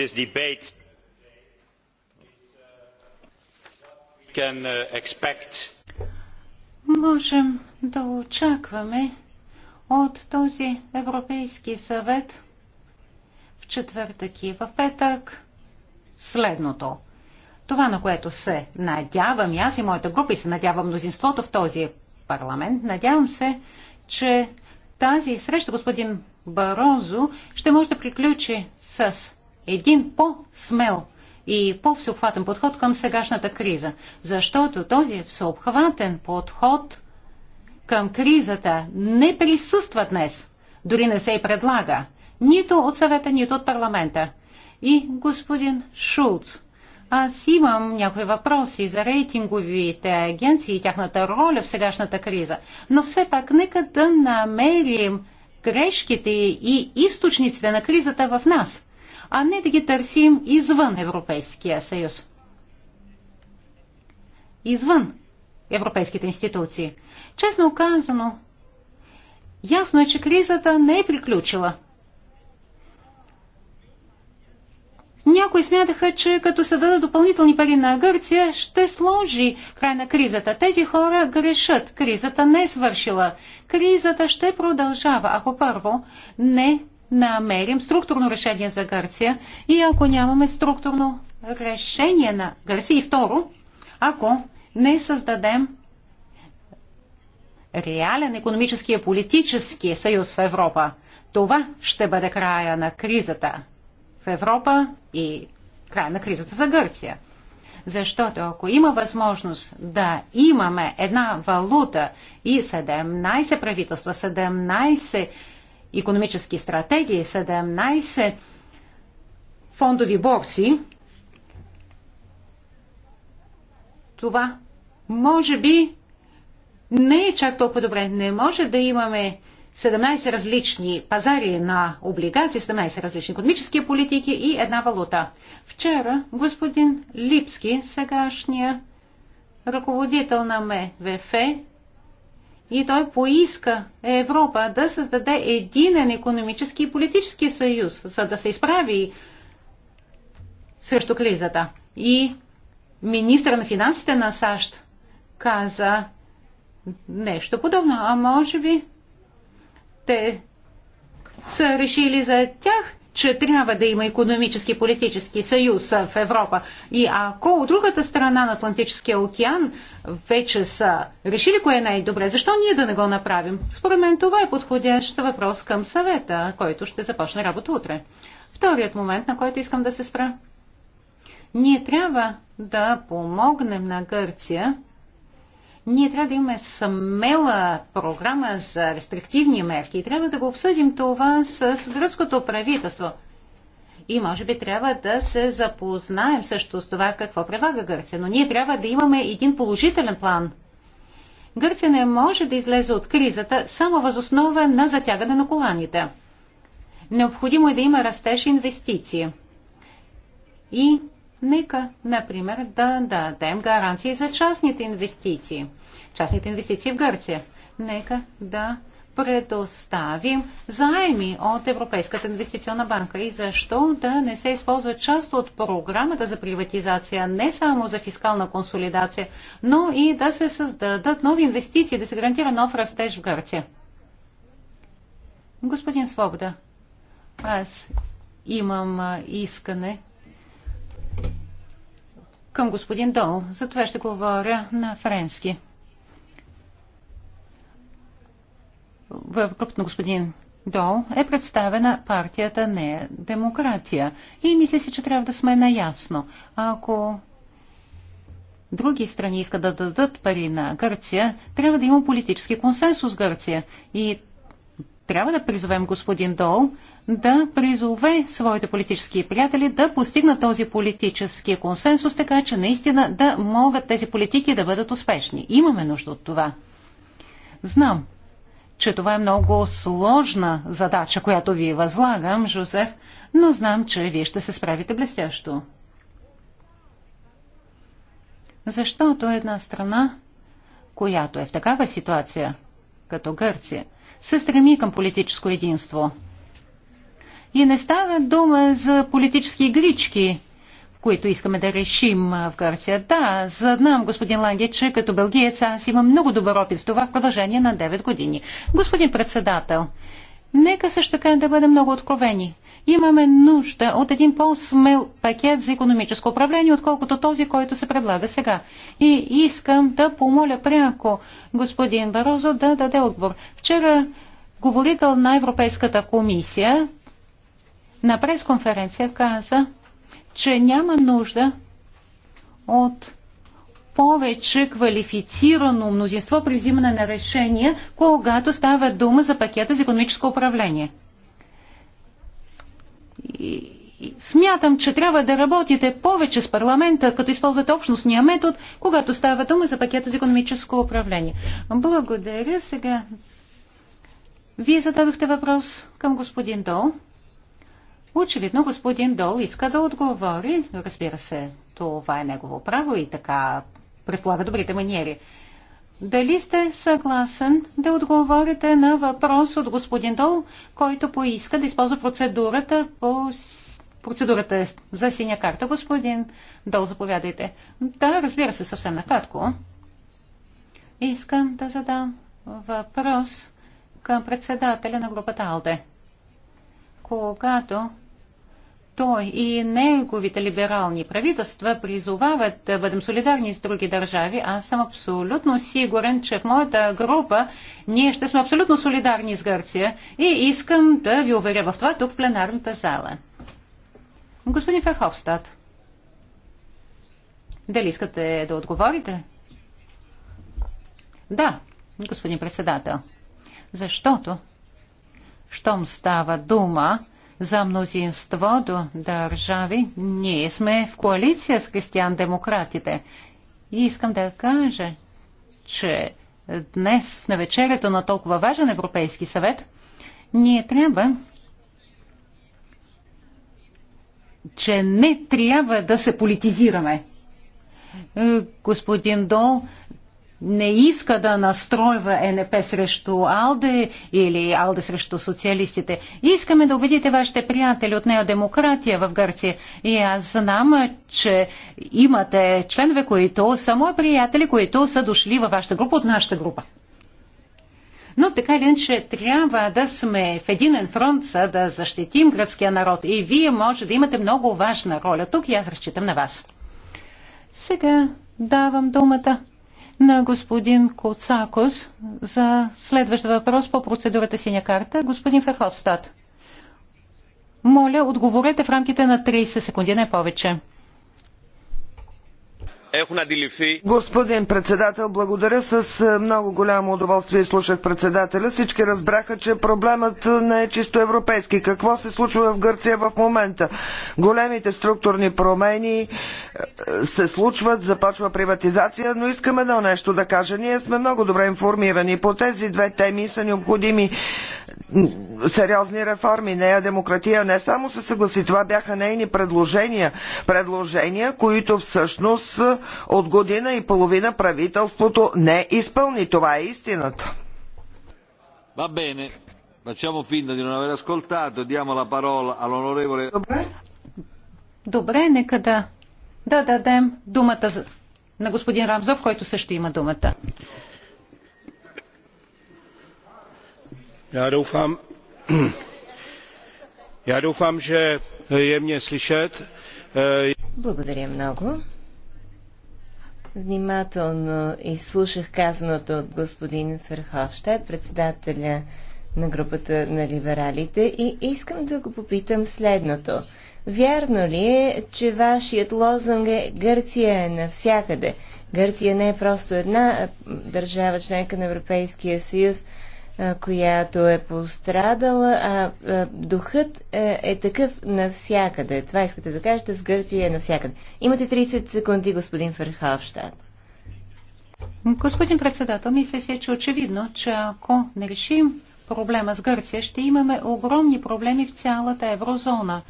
this debate can uh, expect. Можем да очакваме от този Европейски съвет в четвъртък и в петък следното. Това, на което се надявам и аз и моята група и се надявам мнозинството в този парламент, надявам се, че тази среща, господин Барозо, ще може да приключи с един по-смел и по-всеобхватен подход към сегашната криза. Защото този всеобхватен подход към кризата не присъства днес, дори не се и предлага, нито от съвета, нито от парламента. И господин Шулц, аз имам някои въпроси за рейтинговите агенции и тяхната роля в сегашната криза, но все пак нека да намерим грешките и източниците на кризата в нас – а не да ги търсим извън Европейския съюз. Извън европейските институции. Честно казано, ясно е, че кризата не е приключила. Някои смятаха, че като се дадат допълнителни пари на Гърция, ще сложи край на кризата. Тези хора грешат. Кризата не е свършила. Кризата ще продължава, ако първо не намерим структурно решение за Гърция и ако нямаме структурно решение на Гърция и второ, ако не създадем реален економически и политически съюз в Европа, това ще бъде края на кризата в Европа и края на кризата за Гърция. Защото ако има възможност да имаме една валута и 17 правителства, 17 економически стратегии, 17 фондови борси. Това може би не е чак толкова добре. Не може да имаме 17 различни пазари на облигации, 17 различни економически политики и една валута. Вчера господин Липски, сегашния ръководител на МВФ, и той поиска Европа да създаде единен економически и политически съюз, за да се изправи срещу кризата. И министър на финансите на САЩ каза нещо подобно, а може би те са решили за тях че трябва да има економически и политически съюз в Европа. И ако от другата страна на Атлантическия океан вече са решили кое е най-добре, защо ние да не го направим? Според мен това е подходящ въпрос към съвета, който ще започне работа утре. Вторият момент, на който искам да се спра. Ние трябва да помогнем на Гърция ние трябва да имаме смела програма за рестриктивни мерки и трябва да го обсъдим това с гръцкото правителство. И може би трябва да се запознаем също с това какво предлага Гърция. Но ние трябва да имаме един положителен план. Гърция не може да излезе от кризата само възоснова на затягане на коланите. Необходимо е да има растеж инвестиции. И Нека, например, да дадем гаранции за частните инвестиции. Частните инвестиции в Гърция. Нека да предоставим заеми от Европейската инвестиционна банка и защо да не се използва част от програмата за приватизация не само за фискална консолидация, но и да се създадат нови инвестиции, да се гарантира нов растеж в Гърция. Господин Свобода, аз имам искане към господин Дол. Затова ще говоря на френски. В групата на господин Дол е представена партията не е демократия. И мисля си, че трябва да сме наясно. Ако други страни искат да дадат пари на Гърция, трябва да има политически консенсус с Гърция. И трябва да призовем господин Дол да призове своите политически приятели да постигнат този политически консенсус, така че наистина да могат тези политики да бъдат успешни. Имаме нужда от това. Знам, че това е много сложна задача, която ви възлагам, Жозеф, но знам, че вие ще се справите блестящо. Защото една страна, която е в такава ситуация, като Гърция, се стреми към политическо единство – и не става дума за политически игрички, които искаме да решим в Гърция. Да, знам, господин Ланге, че като бългиец аз имам много добър опит в това в продължение на 9 години. Господин председател, нека също така да бъдем много откровени. Имаме нужда от един по-смел пакет за економическо управление, отколкото този, който се предлага сега. И искам да помоля пряко господин Барозо да даде отговор. Вчера говорител на Европейската комисия на пресконференция каза, че няма нужда от повече квалифицирано мнозинство при взимане на решения, когато става дума за пакета за економическо управление. И, и смятам, че трябва да работите повече с парламента, като използвате общностния метод, когато става дума за пакета за економическо управление. Благодаря. Сега вие зададохте въпрос към господин Дол. Очевидно господин Дол иска да отговори. Разбира се, това е негово право и така предполага добрите маниери. Дали сте съгласен да отговорите на въпрос от господин Дол, който поиска да използва процедурата по процедурата за синя карта? Господин Дол, заповядайте. Да, разбира се, съвсем накратко. Искам да задам въпрос към председателя на групата Алде когато той и неговите либерални правителства призовават да бъдем солидарни с други държави, аз съм абсолютно сигурен, че в моята група ние ще сме абсолютно солидарни с Гърция и искам да ви уверя в това тук в пленарната зала. Господин Ферховстад, дали искате да отговорите? Да, господин председател, защото щом става дума за мнозинство до държави, ние сме в коалиция с християн-демократите. И искам да кажа, че днес в навечерието на толкова важен Европейски съвет, ние трябва че не трябва да се политизираме. Господин Дол не иска да настройва НП срещу Алде или Алде срещу социалистите. Искаме да убедите вашите приятели от нея демократия в Гърция. И аз знам, че имате членове, които са мои приятели, които са дошли във вашата група от нашата група. Но така или иначе трябва да сме в единен фронт, за да защитим гръцкия народ. И вие може да имате много важна роля. Тук и аз разчитам на вас. Сега давам думата на господин Коцакос за следващ въпрос по процедурата синя карта. Господин Ферховстад, моля, отговорете в рамките на 30 секунди, не повече. Господин председател, благодаря. С е, много голямо удоволствие слушах председателя. Всички разбраха, че проблемът е, не е чисто европейски. Какво се случва в Гърция в момента? Големите структурни промени е, се случват, започва приватизация, но искам едно нещо да кажа. Ние сме много добре информирани. По тези две теми са необходими сериозни реформи. Нея демократия не само се съгласи, това бяха нейни предложения. Предложения, които всъщност от година и половина правителството не изпълни. Това е истината. Va bene, facciamo finta di non aver ascoltato, diamo la parola all'onorevole... Добре. Добре, нека да, да дадем думата на господин Рамзов, който също има думата. Я doufám, я doufám, че е мне slyšet. Е, Благодаря много. Внимателно изслушах казаното от господин Ферховщад, председателя на групата на либералите и искам да го попитам следното. Вярно ли е, че вашият лозунг е Гърция е навсякъде? Гърция не е просто една държава, членка на Европейския съюз, която е пострадала, а, а духът е, е такъв навсякъде. Това искате да кажете с Гърция е навсякъде. Имате 30 секунди, господин Ферховщад. Господин председател, мисля се, че е очевидно, че ако не решим проблема с Гърция, ще имаме огромни проблеми в цялата еврозона.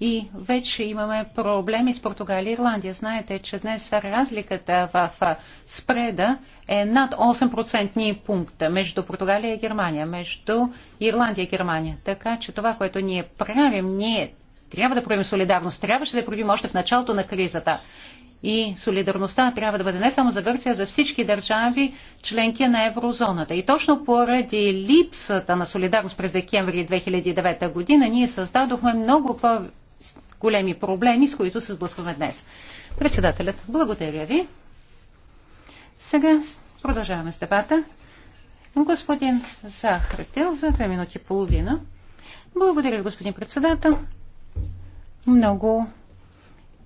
И вече имаме проблеми с Португалия и Ирландия. Знаете, че днес разликата в спреда е над 8% пункта между Португалия и Германия, между Ирландия и Германия. Така че това, което ние правим, ние трябва да проявим солидарност. Трябваше да проявим още в началото на кризата. И солидарността трябва да бъде не само за Гърция, а за всички държави, членки на еврозоната. И точно поради липсата на солидарност през декември 2009 година ние създадохме много по големи проблеми, с които се сблъскваме днес. Председателят, благодаря ви. Сега продължаваме с дебата. Господин Захретел за две минути и половина. Благодаря ви, господин председател. Много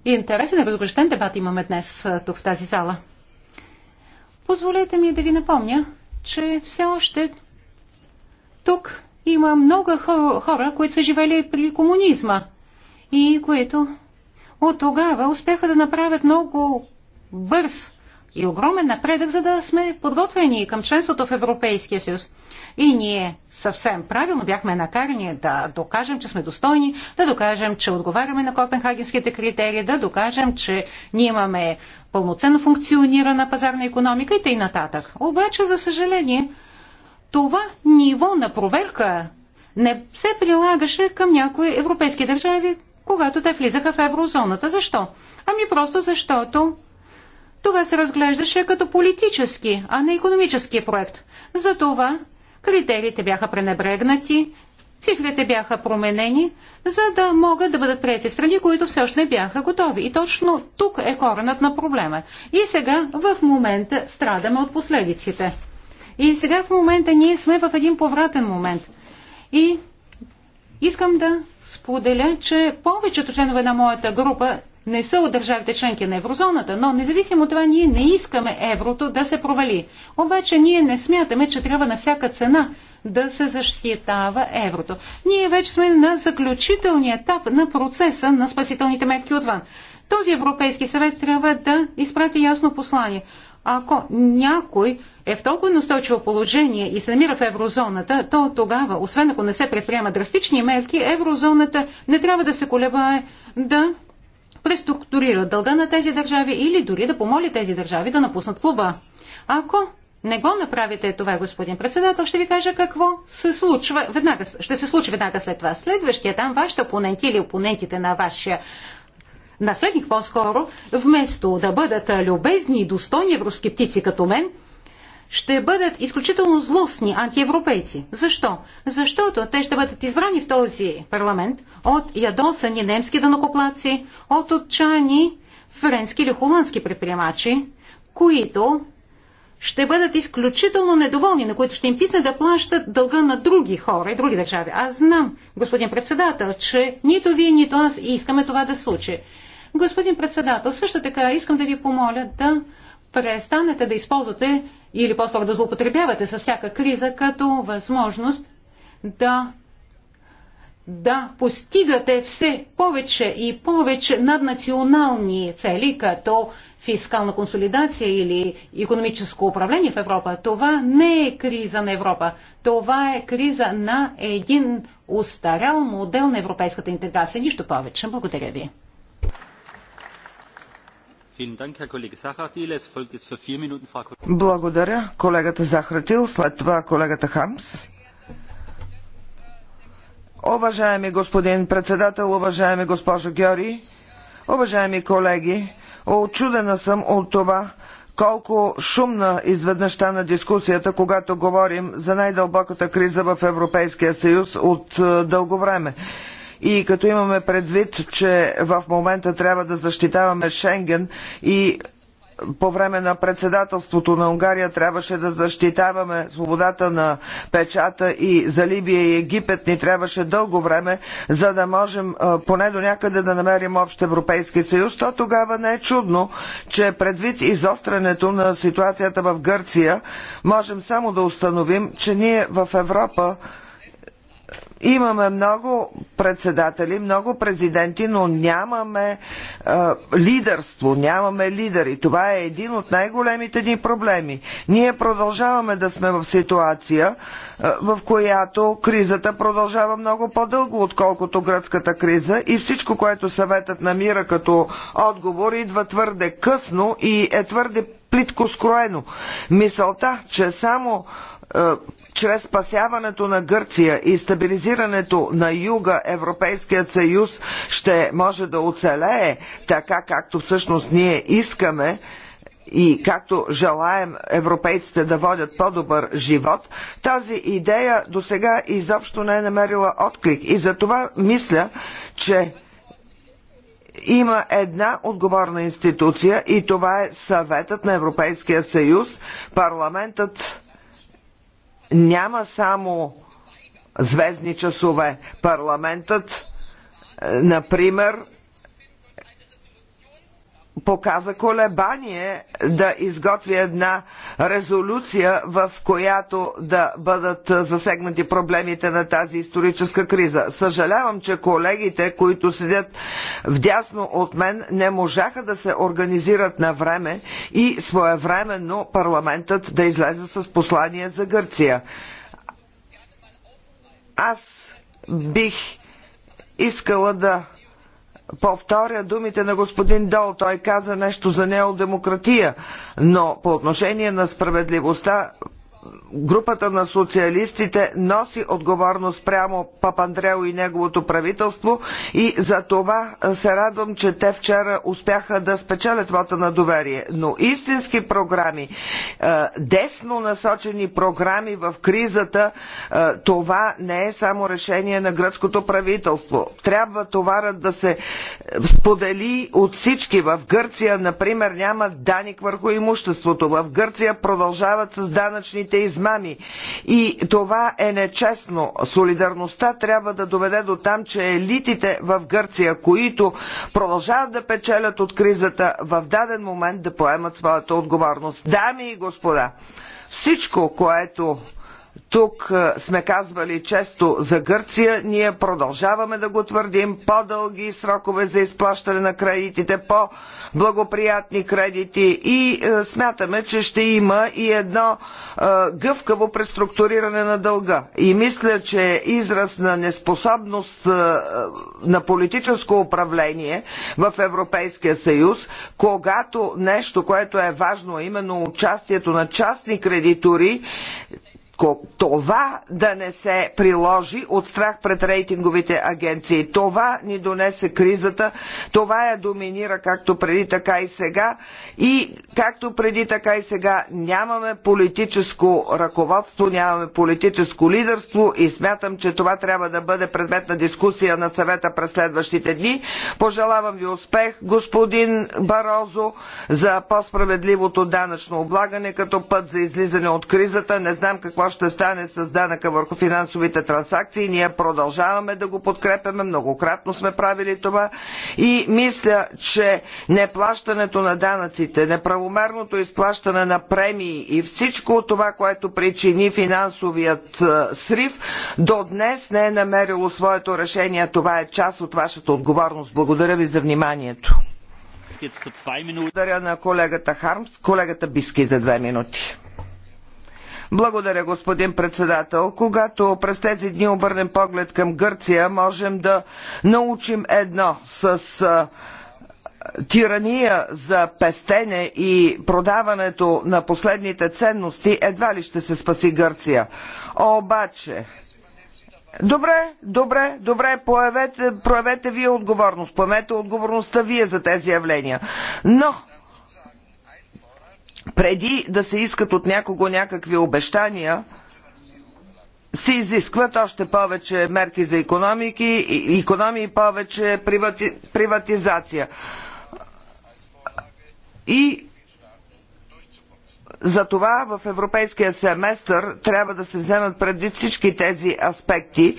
интересен и разгощен дебат имаме днес тук в тази зала. Позволете ми да ви напомня, че все още тук има много хора, които са живели при комунизма и които от тогава успяха да направят много бърз и огромен напредък, за да сме подготвени към членството в Европейския съюз. И ние съвсем правилно бяхме накарани да докажем, че сме достойни, да докажем, че отговаряме на копенхагенските критерии, да докажем, че ние имаме пълноценно функционирана пазарна економика и т.н. Обаче, за съжаление, това ниво на проверка не се прилагаше към някои европейски държави, когато те влизаха в еврозоната. Защо? Ами просто защото това се разглеждаше като политически, а не економически проект. Затова критериите бяха пренебрегнати, цифрите бяха променени, за да могат да бъдат прияти страни, които все още не бяха готови. И точно тук е коренът на проблема. И сега в момента страдаме от последиците. И сега в момента ние сме в един повратен момент. И искам да споделя, че повечето членове на моята група не са от държавите членки на еврозоната, но независимо от това ние не искаме еврото да се провали. Обаче ние не смятаме, че трябва на всяка цена да се защитава еврото. Ние вече сме на заключителния етап на процеса на спасителните мерки отвън. Този Европейски съвет трябва да изпрати ясно послание. Ако някой е в толкова настойчиво положение и се намира в еврозоната, то тогава, освен ако не се предприема драстични мерки, еврозоната не трябва да се колебае да преструктурира дълга на тези държави или дори да помоли тези държави да напуснат клуба. Ако не го направите това, господин председател, ще ви кажа какво се случва веднага, ще се случи веднага след това. Следващия там вашите опоненти или опонентите на вашия наследник по-скоро, вместо да бъдат любезни и достойни евроскептици като мен – ще бъдат изключително злостни антиевропейци. Защо? Защото те ще бъдат избрани в този парламент от ядосани немски данокоплаци, от отчаяни френски или холандски предприемачи, които ще бъдат изключително недоволни, на които ще им писне да плащат дълга на други хора и други държави. Аз знам, господин председател, че нито вие, нито аз искаме това да случи. Господин председател, също така искам да ви помоля да престанете да използвате или по-скоро да злоупотребявате с всяка криза като възможност да да постигате все повече и повече наднационални цели, като фискална консолидация или економическо управление в Европа. Това не е криза на Европа. Това е криза на един устарял модел на европейската интеграция. Нищо повече. Благодаря ви. Благодаря, колегата Захратил, след това колегата Хамс. Уважаеми господин председател, уважаеми госпожо Гьори, уважаеми колеги, очудена съм от това, колко шумна изведнъж стана дискусията, когато говорим за най-дълбоката криза в Европейския съюз от е, дълго време и като имаме предвид, че в момента трябва да защитаваме Шенген и по време на председателството на Унгария трябваше да защитаваме свободата на печата и за Либия и Египет ни трябваше дълго време, за да можем поне до някъде да намерим общ Европейски съюз, то тогава не е чудно, че предвид изострянето на ситуацията в Гърция, можем само да установим, че ние в Европа имаме много председатели, много президенти, но нямаме е, лидерство, нямаме лидери. Това е един от най-големите ни проблеми. Ние продължаваме да сме в ситуация, е, в която кризата продължава много по-дълго, отколкото гръцката криза и всичко, което съветът намира като отговор, идва твърде късно и е твърде плитко скроено. Мисълта, че само чрез спасяването на Гърция и стабилизирането на юга Европейският съюз ще може да оцелее така, както всъщност ние искаме и както желаем европейците да водят по-добър живот, тази идея до сега изобщо не е намерила отклик. И за това мисля, че има една отговорна институция и това е съветът на Европейския съюз, парламентът няма само звездни часове. Парламентът, е, например, показа колебание да изготви една резолюция, в която да бъдат засегнати проблемите на тази историческа криза. Съжалявам, че колегите, които седят вдясно от мен, не можаха да се организират на време и своевременно парламентът да излезе с послание за Гърция. Аз бих искала да повторя думите на господин Дол. Той каза нещо за неодемократия, но по отношение на справедливостта групата на социалистите носи отговорност прямо Папандрео и неговото правителство и за това се радвам, че те вчера успяха да спечелят вота на доверие. Но истински програми, десно насочени програми в кризата, това не е само решение на гръцкото правителство. Трябва товарът да се сподели от всички. В Гърция, например, няма даник върху имуществото. В Гърция продължават с данъчните данъчните измами. И това е нечестно. Солидарността трябва да доведе до там, че елитите в Гърция, които продължават да печелят от кризата, в даден момент да поемат своята отговорност. Дами и господа, всичко, което тук сме казвали често за Гърция, ние продължаваме да го твърдим, по-дълги срокове за изплащане на кредитите, по-благоприятни кредити и смятаме, че ще има и едно гъвкаво преструктуриране на дълга. И мисля, че е израз на неспособност на политическо управление в Европейския съюз, когато нещо, което е важно, именно участието на частни кредитори, това да не се приложи от страх пред рейтинговите агенции. Това ни донесе кризата, това я доминира както преди, така и сега и както преди, така и сега нямаме политическо ръководство, нямаме политическо лидерство и смятам, че това трябва да бъде предмет на дискусия на съвета през следващите дни. Пожелавам ви успех, господин Барозо, за по-справедливото данъчно облагане като път за излизане от кризата. Не знам какво ще стане с данъка върху финансовите транзакции. Ние продължаваме да го подкрепяме. Многократно сме правили това. И мисля, че неплащането на данъци пенсиите, неправомерното изплащане на премии и всичко това, което причини финансовият срив, до днес не е намерило своето решение. Това е част от вашата отговорност. Благодаря ви за вниманието. Благодаря на колегата Хармс, колегата Биски за две минути. Благодаря, господин председател. Когато през тези дни обърнем поглед към Гърция, можем да научим едно с тирания за пестене и продаването на последните ценности, едва ли ще се спаси Гърция. Обаче, Добре, добре, добре, появете, проявете вие отговорност, поемете отговорността вие за тези явления. Но, преди да се искат от някого някакви обещания, се изискват още повече мерки за економики, економии, повече привати, приватизация. И това в европейския семестър трябва да се вземат предвид всички тези аспекти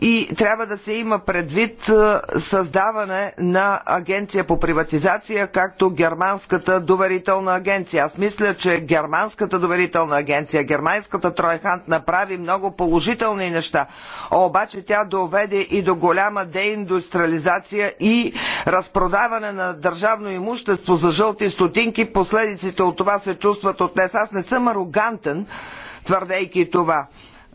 и трябва да се има предвид е, създаване на агенция по приватизация, както германската доверителна агенция. Аз мисля, че германската доверителна агенция, германската Тройхант направи много положителни неща, обаче тя доведе и до голяма деиндустриализация и разпродаване на държавно имущество за жълти стотинки. Последиците от това се чувстват от днес. Аз не съм арогантен, твърдейки това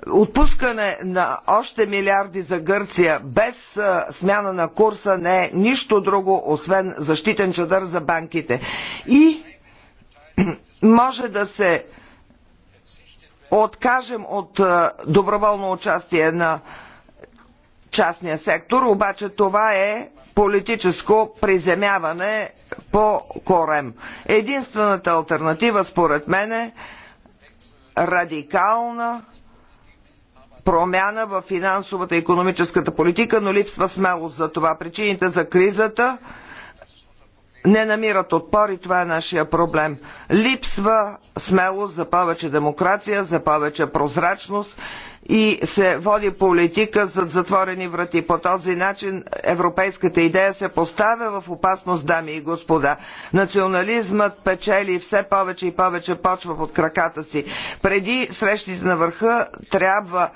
отпускане на още милиарди за Гърция без смяна на курса не е нищо друго, освен защитен чадър за банките. И може да се откажем от доброволно участие на частния сектор, обаче това е политическо приземяване по корем. Единствената альтернатива, според мен, е радикална промяна в финансовата и економическата политика, но липсва смелост за това. Причините за кризата не намират отпор и това е нашия проблем. Липсва смелост за повече демокрация, за повече прозрачност и се води политика зад затворени врати. По този начин европейската идея се поставя в опасност, дами и господа. Национализмът печели все повече и повече почва под краката си. Преди срещите на върха трябва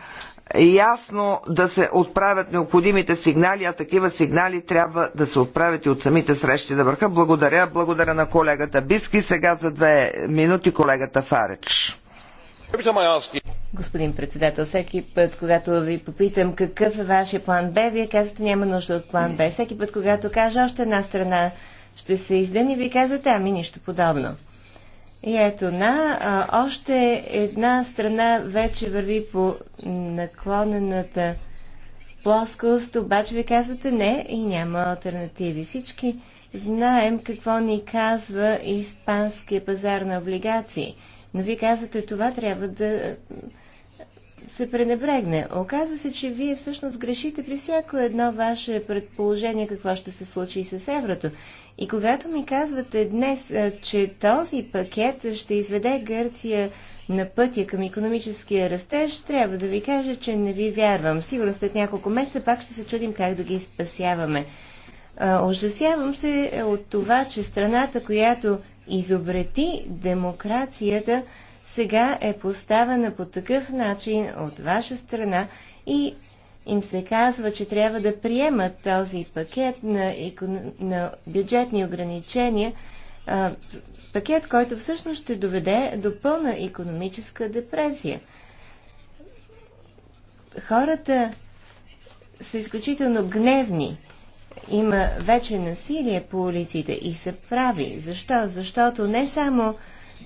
ясно да се отправят необходимите сигнали, а такива сигнали трябва да се отправят и от самите срещи на върха. Благодаря, благодаря на колегата Биски. Сега за две минути колегата Фарич. Господин председател, всеки път, когато ви попитам какъв е вашия план Б, вие казвате няма нужда от план Б. Всеки път, когато кажа още една страна ще се издъни, ви казвате ами нищо подобно. И ето на, а, още една страна вече върви по наклонената плоскост, обаче ви казвате не и няма альтернативи. Всички знаем какво ни казва испанския пазар на облигации. Но вие казвате, това трябва да се пренебрегне. Оказва се, че вие всъщност грешите при всяко едно ваше предположение какво ще се случи с еврото. И когато ми казвате днес, че този пакет ще изведе Гърция на пътя към економическия растеж, трябва да ви кажа, че не ви вярвам. Сигурно след няколко месеца пак ще се чудим как да ги спасяваме. Ожасявам се от това, че страната, която изобрети демокрацията, сега е поставена по такъв начин от ваша страна и им се казва, че трябва да приемат този пакет на, икон... на бюджетни ограничения, а, пакет, който всъщност ще доведе до пълна економическа депресия. Хората са изключително гневни. Има вече насилие по улиците и са прави. Защо? Защото не само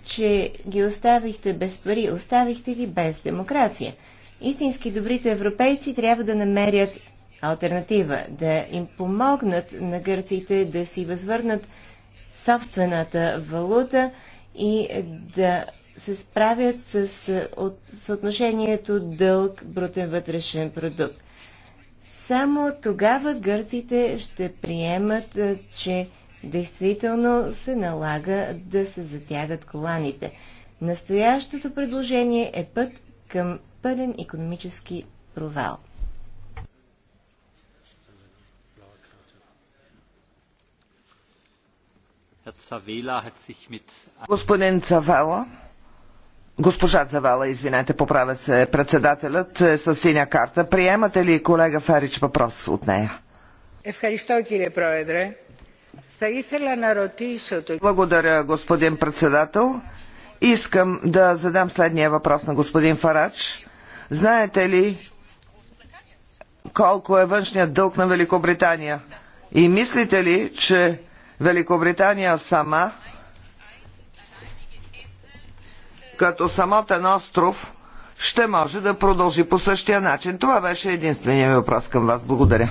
че ги оставихте без пари, оставихте ги без демокрация. Истински добрите европейци трябва да намерят альтернатива, да им помогнат на гърците да си възвърнат собствената валута и да се справят с съотношението дълг-брутен вътрешен продукт. Само тогава гърците ще приемат, че действително се налага да се затягат коланите. Настоящото предложение е път към пълен економически провал. Господин Цавела, госпожа Цавела, извинете, поправя се председателят е с синя карта. Приемате ли колега Ферич въпрос от нея? Ευχαριστώ, кире Πρόεδρε. Благодаря, господин председател. Искам да задам следния въпрос на господин Фарач. Знаете ли колко е външният дълг на Великобритания? И мислите ли, че Великобритания сама, като самотен остров, ще може да продължи по същия начин? Това беше единствения ми въпрос към вас. Благодаря.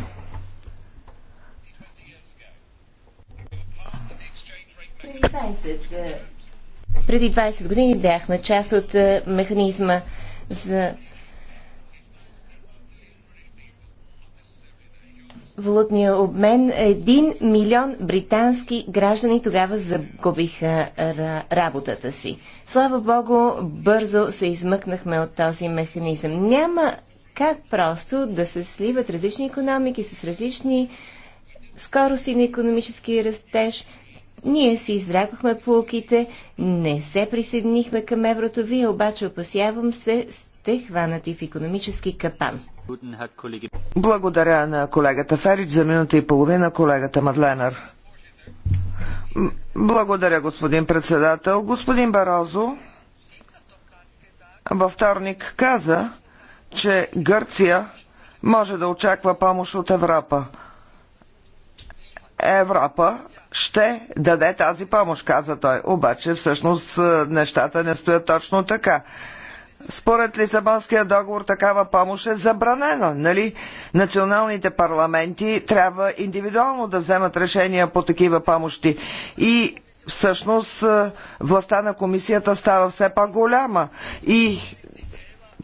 20. Е, Преди 20 години бяхме част от е, механизма за валутния обмен. Един милион британски граждани тогава загубиха е, работата си. Слава Богу, бързо се измъкнахме от този механизъм. Няма как просто да се сливат различни економики с различни скорости на економически растеж, ние си извлякохме полуките, не се присъединихме към еврото, вие обаче опасявам се, сте хванати в економически капан. Благодаря на колегата Ферич за минута и половина, колегата Мадленър. Благодаря, господин председател. Господин Барозо във вторник каза, че Гърция може да очаква помощ от Европа. Европа ще даде тази помощ, каза той. Обаче всъщност е, нещата не стоят точно така. Според Лисабонския договор такава помощ е забранена, нали? Националните парламенти трябва индивидуално да вземат решения по такива помощи. И всъщност е, властта на комисията става все по-голяма. И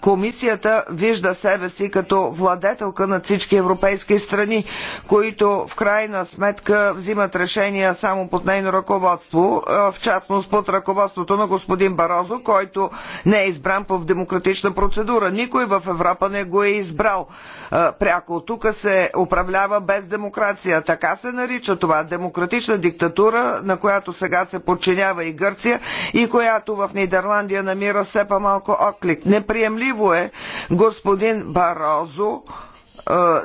Комисията вижда себе си като владетелка на всички европейски страни, които в крайна сметка взимат решения само под нейно ръководство, в частност под ръководството на господин Барозо, който не е избран по демократична процедура. Никой в Европа не го е избрал пряко. Тук се управлява без демокрация. Така се нарича това демократична диктатура, на която сега се подчинява и Гърция и която в Нидерландия намира все по-малко отклик. Неприемливо Справедливо е, господин Барозо,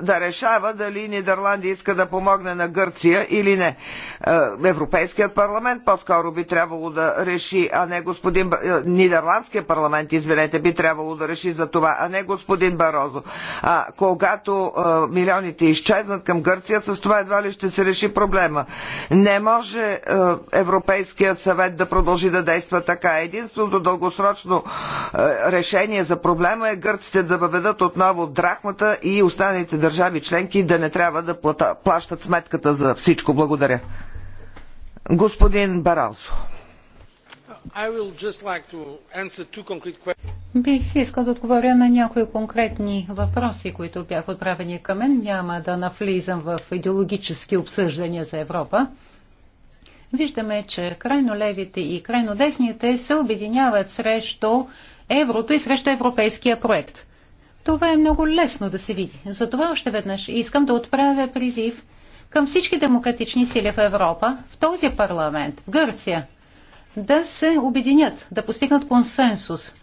да решава дали Нидерландия иска да помогне на Гърция или не. Европейският парламент по-скоро би трябвало да реши, а не господин Нидерландския парламент, извинете, би трябвало да реши за това, а не господин Барозо. А когато милионите изчезнат към Гърция, с това едва ли ще се реши проблема. Не може Европейският съвет да продължи да действа така. Единственото дългосрочно решение за проблема е гърците да въведат отново драхмата и останалите останалите държави членки да не трябва да плата, плащат сметката за всичко. Благодаря. Господин Баралсо. Бих искал да отговоря на някои конкретни въпроси, които бях отправени към мен. Няма да навлизам в идеологически обсъждания за Европа. Виждаме, че крайно левите и крайно десните се обединяват срещу еврото и срещу европейския проект. Това е много лесно да се види. Затова още веднъж искам да отправя призив към всички демократични сили в Европа, в този парламент, в Гърция, да се обединят, да постигнат консенсус,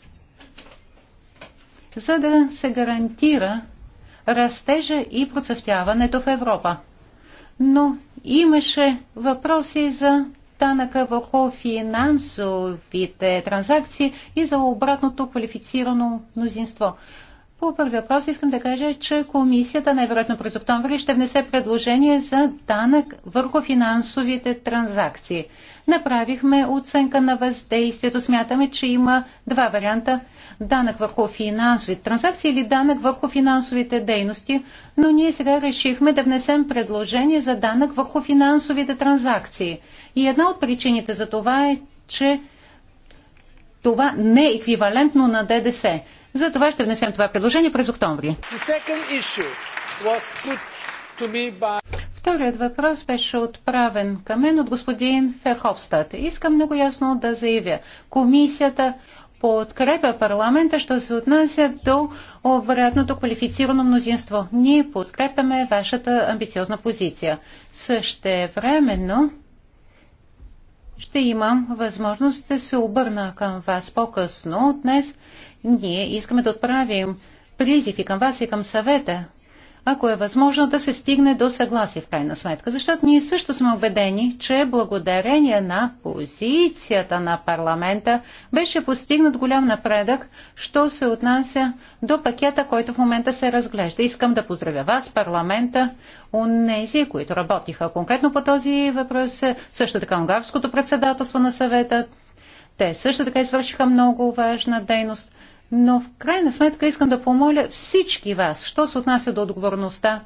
за да се гарантира растежа и процъфтяването в Европа. Но имаше въпроси за танъка върху финансовите транзакции и за обратното квалифицирано мнозинство. По първи въпрос искам да кажа, че комисията най-вероятно през октомври ще внесе предложение за данък върху финансовите транзакции. Направихме оценка на въздействието. Смятаме, че има два варианта. Данък върху финансовите транзакции или данък върху финансовите дейности. Но ние сега решихме да внесем предложение за данък върху финансовите транзакции. И една от причините за това е, че това не е еквивалентно на ДДС. За това ще внесем това предложение през октомври. Вторият въпрос беше отправен към мен от господин Ферховстат. Искам много ясно да заявя. Комисията подкрепя парламента, що се отнася до обратното квалифицирано мнозинство. Ние подкрепяме вашата амбициозна позиция. Същевременно ще имам възможност да се обърна към вас по-късно днес – ние искаме да отправим призив и към вас, и към съвета, ако е възможно да се стигне до съгласие в крайна сметка. Защото ние също сме убедени, че благодарение на позицията на парламента беше постигнат голям напредък, що се отнася до пакета, който в момента се разглежда. Искам да поздравя вас, парламента, унези, които работиха конкретно по този въпрос, също така унгарското председателство на съвета. Те също така извършиха много важна дейност но в крайна сметка искам да помоля всички вас, що се отнася до отговорността,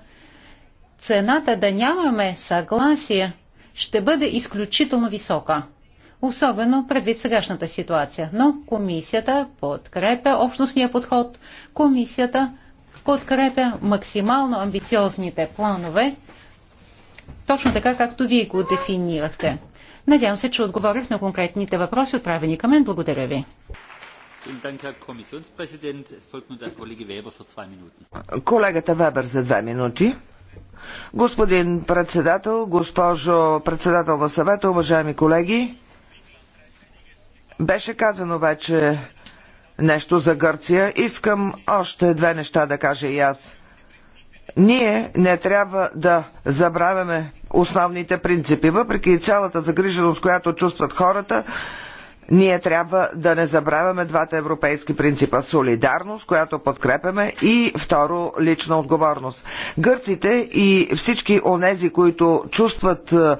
цената да нямаме съгласие ще бъде изключително висока. Особено предвид сегашната ситуация. Но комисията подкрепя общностния подход, комисията подкрепя максимално амбициозните планове, точно така както вие го дефинирахте. Надявам се, че отговорих на конкретните въпроси, отправени към мен. Благодаря ви. Колегата Вебер за две минути. Господин председател, госпожо председател на съвета, уважаеми колеги, беше казано вече нещо за Гърция. Искам още две неща да кажа и аз. Ние не трябва да забравяме основните принципи. Въпреки цялата загриженост, която чувстват хората, ние трябва да не забравяме двата европейски принципа солидарност, която подкрепяме, и второ лична отговорност. Гърците и всички онези, които чувстват е,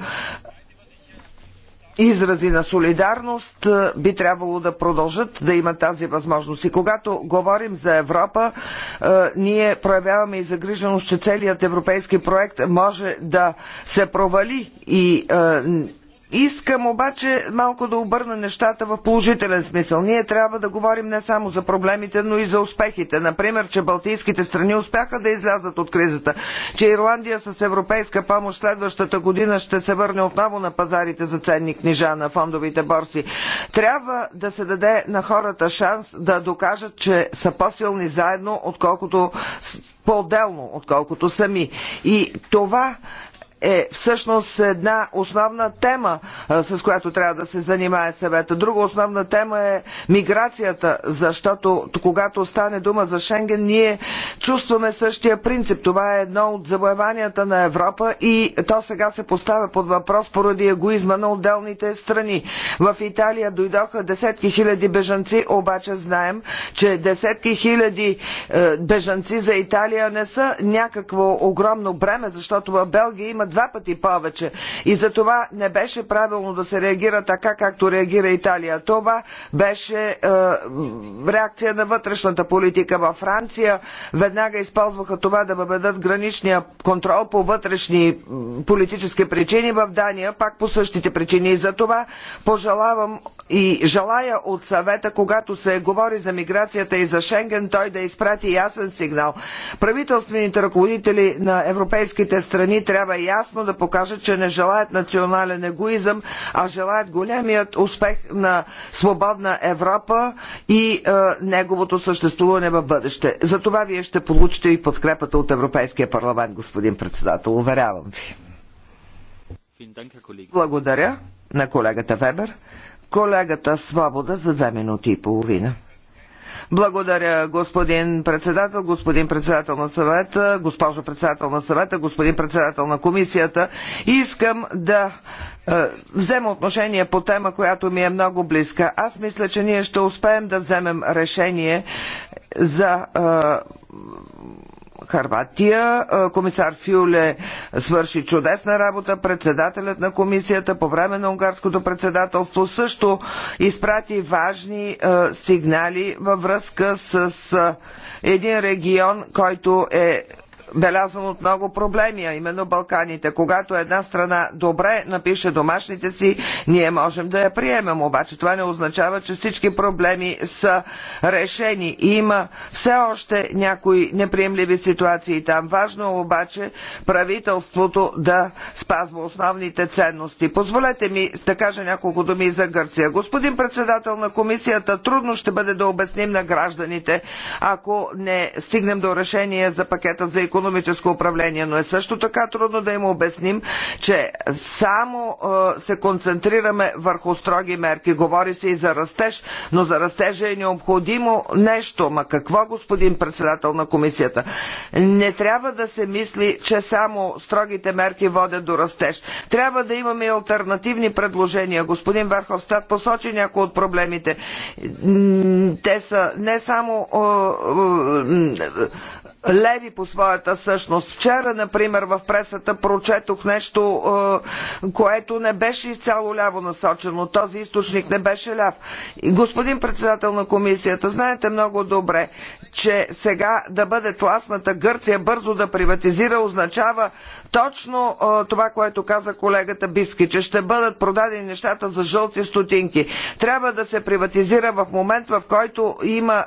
изрази на солидарност е, би трябвало да продължат да имат тази възможност. И когато говорим за Европа, е, ние проявяваме и загриженост, че целият европейски проект може да се провали и Искам обаче малко да обърна нещата в положителен смисъл. Ние трябва да говорим не само за проблемите, но и за успехите. Например, че балтийските страни успяха да излязат от кризата, че Ирландия с европейска помощ следващата година ще се върне отново на пазарите за ценни книжа на фондовите борси. Трябва да се даде на хората шанс да докажат, че са по-силни заедно, отколкото по-отделно, отколкото сами. И това е всъщност една основна тема, с която трябва да се занимае съвета. Друга основна тема е миграцията, защото когато стане дума за Шенген, ние чувстваме същия принцип. Това е едно от завоеванията на Европа и то сега се поставя под въпрос поради егоизма на отделните страни. В Италия дойдоха десетки хиляди бежанци, обаче знаем, че десетки хиляди е, бежанци за Италия не са някакво огромно бреме, защото в Белгия има два пъти повече. И за това не беше правилно да се реагира така, както реагира Италия. Това беше е, реакция на вътрешната политика във Франция. Веднага използваха това да въведат граничния контрол по вътрешни политически причини в Дания, пак по същите причини. И за това пожелавам и желая от съвета, когато се говори за миграцията и за Шенген, той да изпрати ясен сигнал. Правителствените ръководители на европейските страни трябва ясно ясно да покажат, че не желаят национален егоизъм, а желаят големият успех на свободна Европа и е, неговото съществуване в бъдеще. За това вие ще получите и подкрепата от Европейския парламент, господин председател. Уверявам ви. Благодаря на колегата Вебер. Колегата Свобода за две минути и половина. Благодаря, господин председател, господин председател на съвета, госпожо председател на съвета, господин председател на комисията. Искам да е, взема отношение по тема, която ми е много близка. Аз мисля, че ние ще успеем да вземем решение за е, Харватия. Е, комисар Фюле свърши чудесна работа. Председателят на комисията по време на унгарското председателство също изпрати важни е, сигнали във връзка с е, един регион, който е белязан от много проблеми, а именно Балканите. Когато една страна добре напише домашните си, ние можем да я приемем. Обаче това не означава, че всички проблеми са решени. И има все още някои неприемливи ситуации там. Важно е обаче правителството да спазва основните ценности. Позволете ми да кажа няколко думи за Гърция. Господин председател на комисията, трудно ще бъде да обясним на гражданите, ако не стигнем до решение за пакета за економика економическо управление, но е също така трудно да им обясним, че само се концентрираме върху строги мерки. Говори се и за растеж, но за растежа е необходимо нещо. Ма какво, господин председател на комисията? Не трябва да се мисли, че само строгите мерки водят до растеж. Трябва да имаме и альтернативни предложения. Господин Верховстат посочи някои от проблемите. Те са не само леви по своята същност. Вчера, например, в пресата прочетох нещо, е, което не беше изцяло ляво насочено. Този източник не беше ляв. И Господин председател на комисията, знаете много добре, че сега да бъде тласната Гърция бързо да приватизира означава точно това, което каза колегата Биски, че ще бъдат продадени нещата за жълти стотинки, трябва да се приватизира в момент, в който има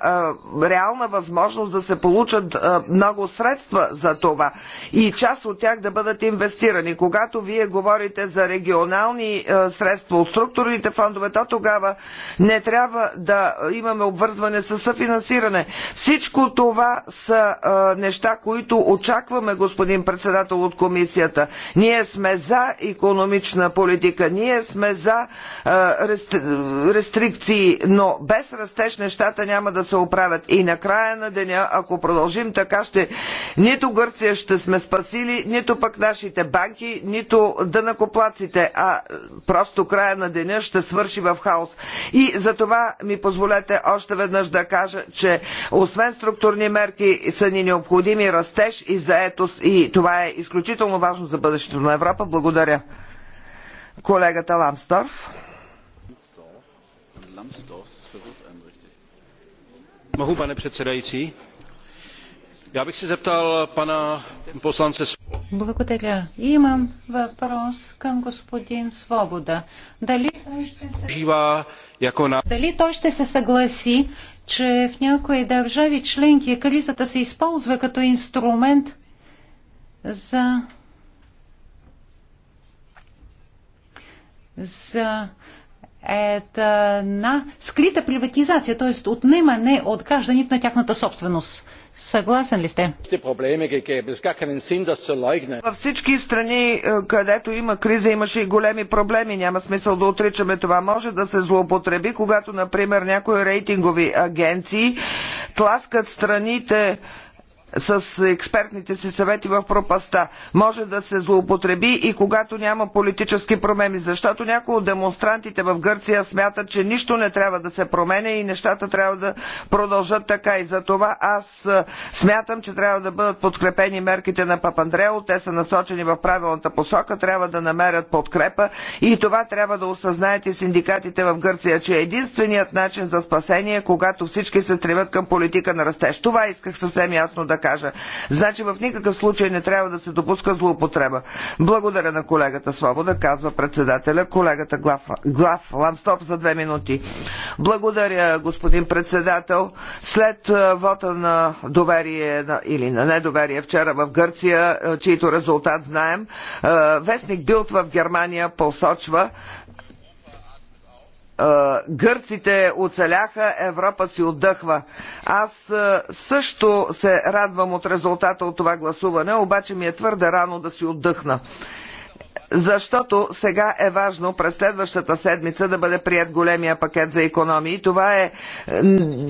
реална възможност да се получат много средства за това и част от тях да бъдат инвестирани. Когато вие говорите за регионални средства от структурните фондове, то тогава не трябва да имаме обвързване с съфинансиране. Всичко това са неща, които очакваме, господин председател, от комисията комисията. Ние сме за економична политика, ние сме за е, рестрикции, но без растеж нещата няма да се оправят. И накрая на деня, ако продължим така, ще нито Гърция ще сме спасили, нито пък нашите банки, нито дънакоплаците, а просто края на деня ще свърши в хаос. И за това ми позволете още веднъж да кажа, че освен структурни мерки са ни необходими растеж и заетост и това е изключително изключително важно за бъдещето на Европа. Благодаря. Колегата Ламсторф. Mohu, pane předsedající? Já bych se zeptal pana poslance. Благодаря. Имам въпрос към господин Свобода. Дали той ще се, яко Дали той ще се съгласи, че в някои държави членки кризата се използва като инструмент за, за една скрита приватизация, т.е. отнемане от гражданите на тяхната собственост. Съгласен ли сте? Във всички страни, е, където има криза, имаше и големи проблеми. Няма смисъл да отричаме това. Може да се злоупотреби, когато, например, някои рейтингови агенции тласкат страните с експертните си съвети в пропаста. Може да се злоупотреби и когато няма политически промени, защото някои от демонстрантите в Гърция смятат, че нищо не трябва да се променя и нещата трябва да продължат така. И за това аз смятам, че трябва да бъдат подкрепени мерките на Папандрео. Те са насочени в правилната посока, трябва да намерят подкрепа и това трябва да осъзнаете синдикатите в Гърция, че единственият начин за спасение е когато всички се стремят към политика на растеж. Това исках съвсем ясно да кажа. Значи в никакъв случай не трябва да се допуска злоупотреба. Благодаря на колегата Свобода, казва председателя, колегата Глав, Глав Ламстоп за две минути. Благодаря, господин председател. След е, вота на доверие или на недоверие вчера в Гърция, е, чийто резултат знаем, е, вестник Билт в Германия посочва, гърците оцеляха, Европа си отдъхва. Аз също се радвам от резултата от това гласуване, обаче ми е твърде рано да си отдъхна защото сега е важно през следващата седмица да бъде прият големия пакет за економии. Това е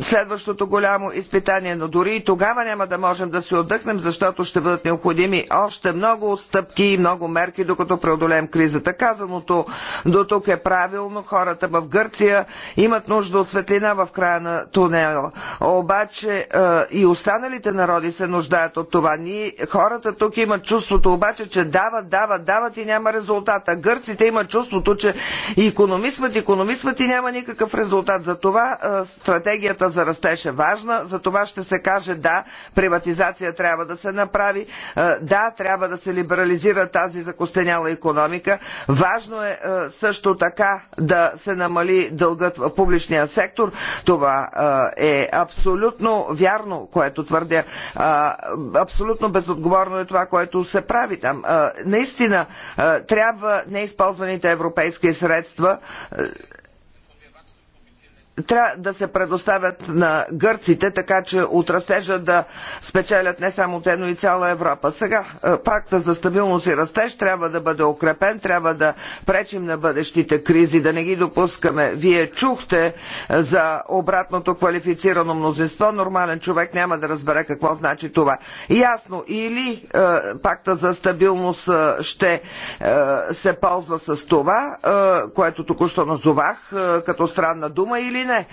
следващото голямо изпитание, но дори и тогава няма да можем да се отдъхнем, защото ще бъдат необходими още много стъпки и много мерки, докато преодолеем кризата. Казаното до тук е правилно. Хората в Гърция имат нужда от светлина в края на тунела. Обаче е, и останалите народи се нуждаят от това. Ние, хората тук имат чувството обаче, че дават, дават, дават и няма резултата. Гърците имат чувството, че економисват, економисват и няма никакъв резултат. За това стратегията за растеж е важна, за това ще се каже да, приватизация трябва да се направи, да, трябва да се либерализира тази закостеняла економика. Важно е също така да се намали дългът в публичния сектор. Това е абсолютно вярно, което твърдя. Абсолютно безотговорно е това, което се прави там. Наистина трябва неизползваните европейски средства трябва да се предоставят на гърците, така че от растежа да спечелят не само те, но и цяла Европа. Сега е, пакта за стабилност и растеж трябва да бъде укрепен, трябва да пречим на бъдещите кризи, да не ги допускаме. Вие чухте е, за обратното квалифицирано мнозинство. Нормален човек няма да разбере какво значи това. Ясно, или е, пакта за стабилност ще се ползва с това, което току-що назовах като странна дума, или или не.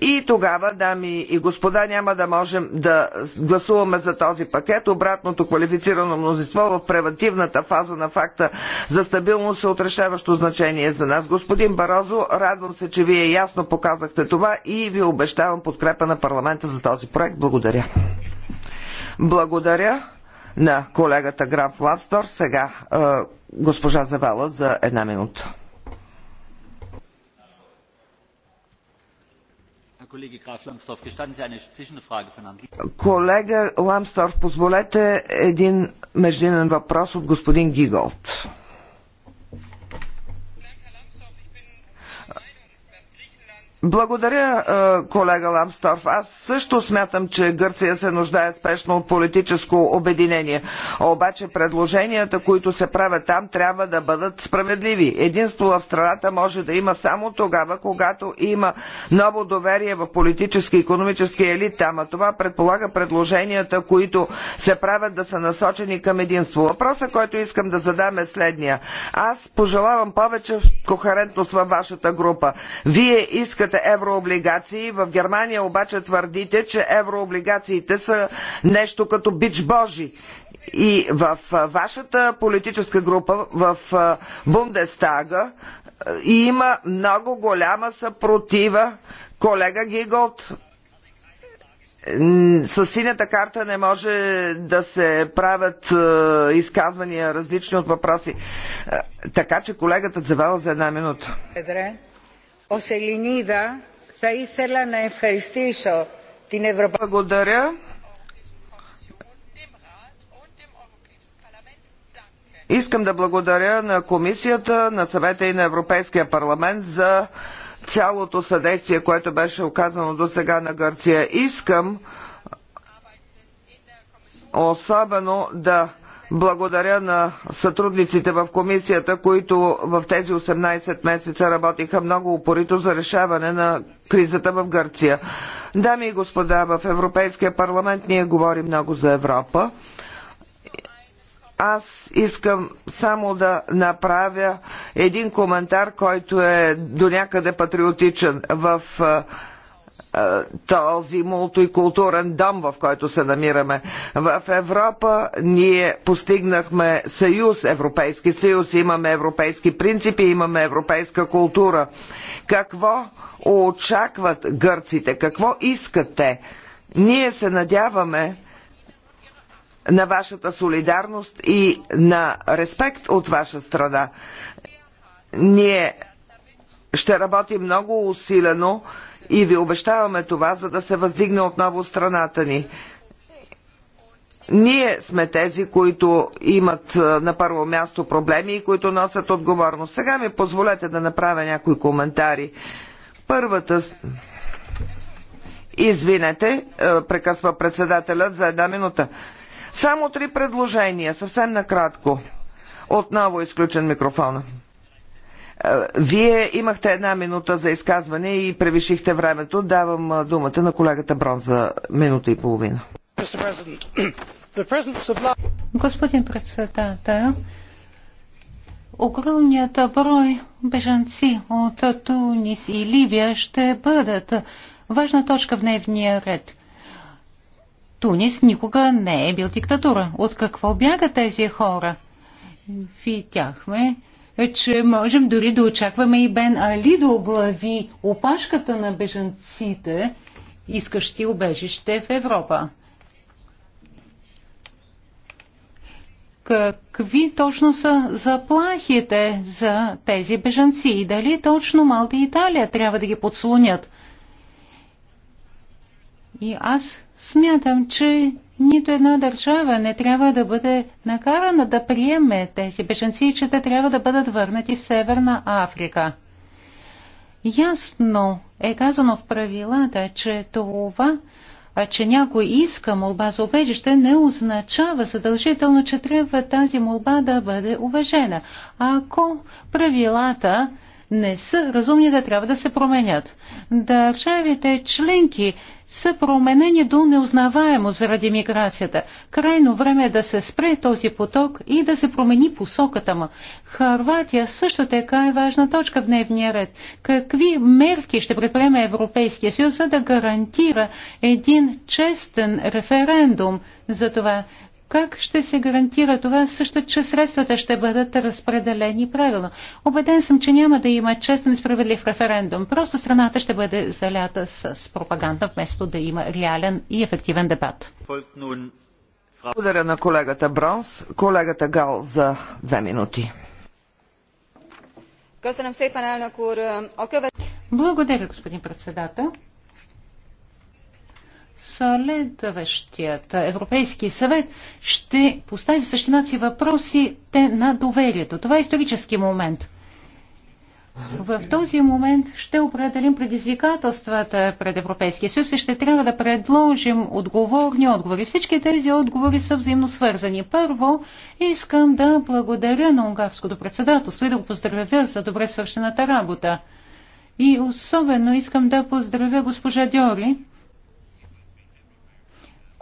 И тогава, дами и господа, няма да можем да гласуваме за този пакет. Обратното квалифицирано мнозинство в превентивната фаза на факта за стабилност е отрешаващо значение за нас. Господин Барозо, радвам се, че вие ясно показахте това и ви обещавам подкрепа на парламента за този проект. Благодаря. Благодаря на колегата Граф Лавстор. Сега е, госпожа Завела за една минута. Колега Ламсторф, позволете един междинен въпрос от господин Гиголт. Благодаря, е, колега Ламсторф. Аз също смятам, че Гърция се нуждае спешно от политическо обединение. Обаче предложенията, които се правят там, трябва да бъдат справедливи. Единство в страната може да има само тогава, когато има ново доверие в политически и економически елит там. А това предполага предложенията, които се правят да са насочени към единство. Въпросът, който искам да задам е следния. Аз пожелавам повече кохерентност във вашата група. Вие искате наричате еврооблигации. В Германия обаче твърдите, че еврооблигациите са нещо като бич божи. И в вашата политическа група, в Бундестага, има много голяма съпротива. Колега Гиголт, с синята карта не може да се правят изказвания различни от въпроси. Така че колегата Завела за една минута. Ως Ελληνίδα θα ήθελα να ευχαριστήσω την Ευρωπαϊκή... Искам да благодаря на Комисията, на Съвета и на Европейския парламент за цялото съдействие, което беше оказано до сега на Гърция. Искам особено да благодаря на сътрудниците в комисията, които в тези 18 месеца работиха много упорито за решаване на кризата в Гърция. Дами и господа, в Европейския парламент ние говорим много за Европа. Аз искам само да направя един коментар, който е до някъде патриотичен. В е, този мултикултурен дом, в който се намираме. В Европа ние постигнахме съюз, Европейски съюз, имаме европейски принципи, имаме европейска култура. Какво очакват гърците? Какво искате? Ние се надяваме на вашата солидарност и на респект от ваша страна. Ние ще работим много усилено, и ви обещаваме това, за да се въздигне отново страната ни. Ние сме тези, които имат на първо място проблеми и които носят отговорност. Сега ми позволете да направя някои коментари. Първата. Извинете, прекъсва председателят за една минута. Само три предложения, съвсем накратко. Отново е изключен микрофона. Вие имахте една минута за изказване и превишихте времето. Давам думата на колегата Брон за минута и половина. Господин председател, огромният брой бежанци от Тунис и Ливия ще бъдат важна точка в дневния ред. Тунис никога не е бил диктатура. От какво бягат тези хора? Видяхме е, че можем дори да очакваме и Бен Али да оглави опашката на бежанците, искащи убежище в Европа. какви точно са заплахите за тези бежанци и дали точно Малта и Италия трябва да ги подслонят. И аз смятам, че нито една държава не трябва да бъде накарана да приеме тези беженци, че те трябва да бъдат върнати в Северна Африка. Ясно е казано в правилата, че това, че някой иска молба за убежище, не означава задължително, че трябва тази молба да бъде уважена. Ако правилата не са разумни, да трябва да се променят. Държавите членки са променени до неузнаваемо заради миграцията. Крайно време е да се спре този поток и да се промени посоката му. Харватия също така е важна точка в дневния ред. Какви мерки ще предприеме Европейския съюз, за да гарантира един честен референдум за това как ще се гарантира това също, че средствата ще бъдат разпределени правилно? Обеден съм, че няма да има честен и справедлив референдум. Просто страната ще бъде залята с пропаганда, вместо да има реален и ефективен дебат. Благодаря на колегата Бронс. Колегата Гал за две минути. Благодаря, господин председател следващият Европейски съвет ще постави в същина си въпросите на доверието. Това е исторически момент. В този момент ще определим предизвикателствата пред Европейския съюз и ще трябва да предложим отговорни отговори. Всички тези отговори са взаимно свързани. Първо, искам да благодаря на унгарското председателство и да го поздравя за добре свършената работа. И особено искам да поздравя госпожа Дьори,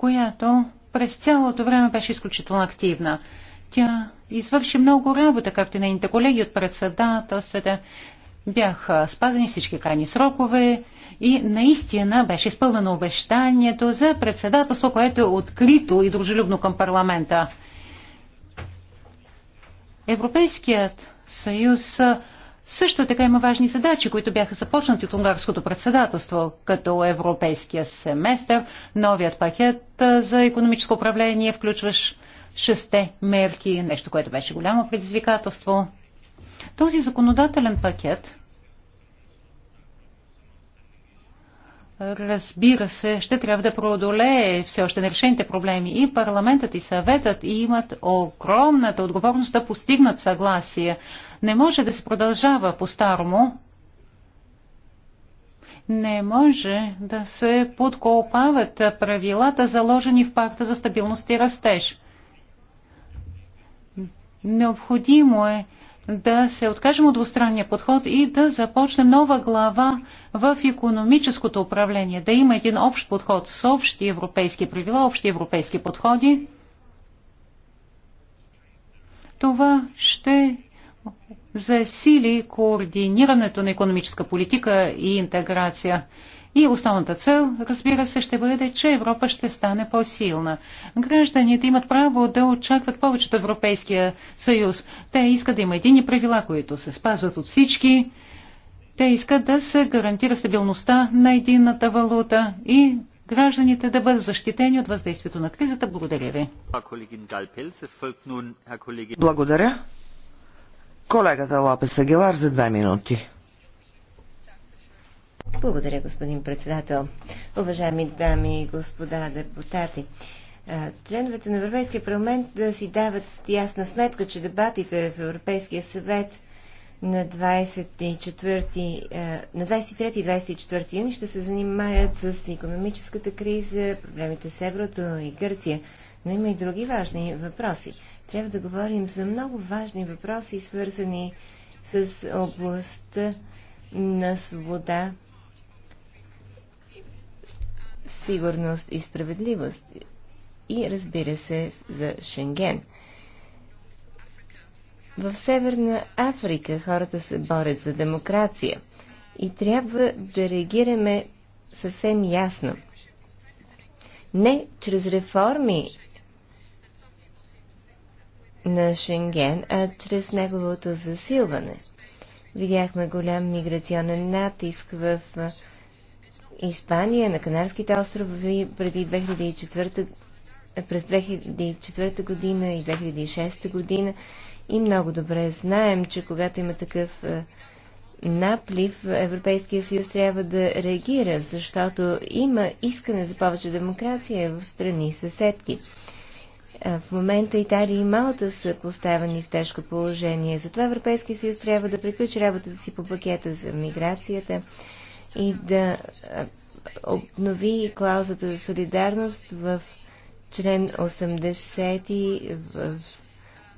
която през цялото време беше изключително активна. Тя извърши много работа, както и нейните колеги от председателствата. Бяха спазени всички крайни срокове и наистина беше изпълнено обещанието за председателство, което е открито и дружелюбно към парламента. Европейският съюз също така има важни задачи, които бяха започнати от унгарското председателство, като европейския семестър, новият пакет за економическо управление, включващ шесте мерки, нещо, което беше голямо предизвикателство. Този законодателен пакет, разбира се, ще трябва да преодолее все още нерешените проблеми. И парламентът, и съветът имат огромната отговорност да постигнат съгласие не може да се продължава по-старому. Не може да се подкопават правилата, заложени в пакта за стабилност и растеж. Необходимо е да се откажем от двустранния подход и да започнем нова глава в економическото управление, да има един общ подход с общи европейски правила, общи европейски подходи. Това ще засили координирането на економическа политика и интеграция. И основната цел, разбира се, ще бъде, че Европа ще стане по-силна. Гражданите имат право да очакват повече от Европейския съюз. Те искат да има едини правила, които се спазват от всички. Те искат да се гарантира стабилността на единната валута и гражданите да бъдат защитени от въздействието на кризата. Благодаря ви. Благодаря. Колегата Лопес Агилар за две минути. Благодаря, господин председател. Уважаеми дами и господа депутати, членовете на Европейския парламент да си дават ясна сметка, че дебатите в Европейския съвет на, 24, на 23 и 24 юни ще се занимаят с економическата криза, проблемите с еврото и Гърция. Но има и други важни въпроси трябва да говорим за много важни въпроси, свързани с областта на свобода, сигурност и справедливост. И разбира се, за Шенген. В Северна Африка хората се борят за демокрация и трябва да реагираме съвсем ясно. Не чрез реформи на Шенген, а чрез неговото засилване. Видяхме голям миграционен натиск в Испания, на Канарските острови преди 2004, през 2004 година и 2006 година. И много добре знаем, че когато има такъв наплив, Европейския съюз трябва да реагира, защото има искане за повече демокрация в страни съседки. В момента Италия и Малта са поставени в тежко положение. Затова Европейския съюз трябва да приключи работата си по пакета за миграцията и да обнови клаузата за солидарност в член 80 в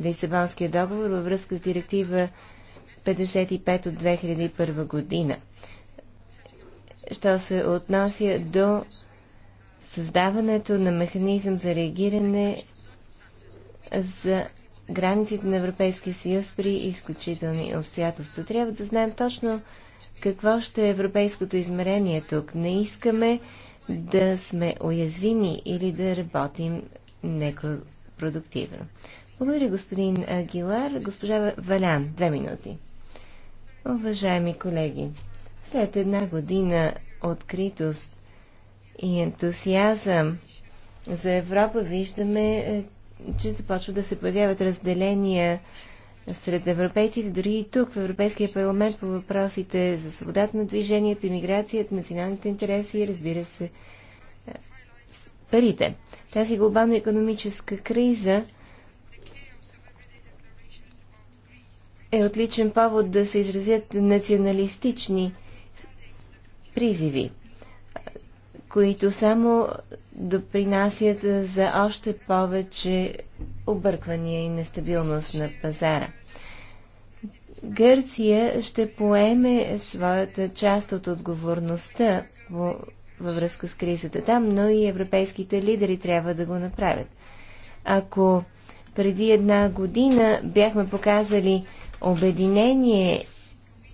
Лисабонския договор във връзка с директива 55 от 2001 година. Що се отнася до създаването на механизъм за реагиране за границите на Европейския съюз при изключителни обстоятелства. Трябва да знаем точно какво ще е европейското измерение тук. Не искаме да сме уязвими или да работим продуктивно. Благодаря, господин Агилар. Госпожа Валян, две минути. Уважаеми колеги, след една година откритост и ентусиазъм за Европа виждаме, е, че започва да се появяват разделения сред европейците, дори и тук в Европейския парламент по въпросите за свободата на движението, иммиграцията, националните интереси и разбира се парите. Тази глобална економическа криза е отличен повод да се изразят националистични призиви, които само допринасят за още повече обърквания и нестабилност на пазара. Гърция ще поеме своята част от отговорността във връзка с кризата там, но и европейските лидери трябва да го направят. Ако преди една година бяхме показали обединение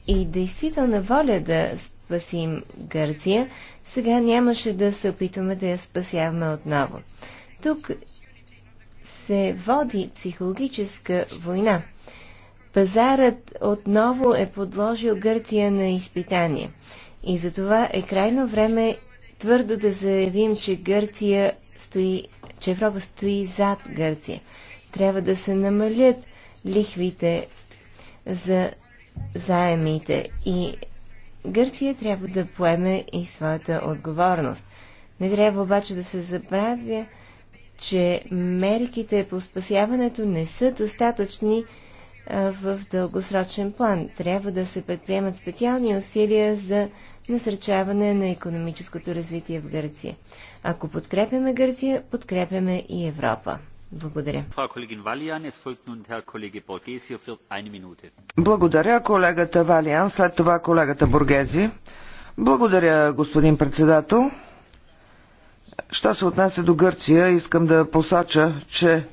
и действителна воля да спасим Гърция, сега нямаше да се опитваме да я спасяваме отново. Тук се води психологическа война. Пазарът отново е подложил Гърция на изпитание. И затова е крайно време твърдо да заявим, че Гърция стои, че Европа стои зад Гърция. Трябва да се намалят лихвите за заемите и Гърция трябва да поеме и своята отговорност. Не трябва обаче да се забравя, че мерките по спасяването не са достатъчни в дългосрочен план. Трябва да се предприемат специални усилия за насърчаване на економическото развитие в Гърция. Ако подкрепяме Гърция, подкрепяме и Европа. Благодаря. колегата Валиан, след това колегата Бургези. Благодаря, господин председател. Що се отнася до Гърция, искам да посоча, че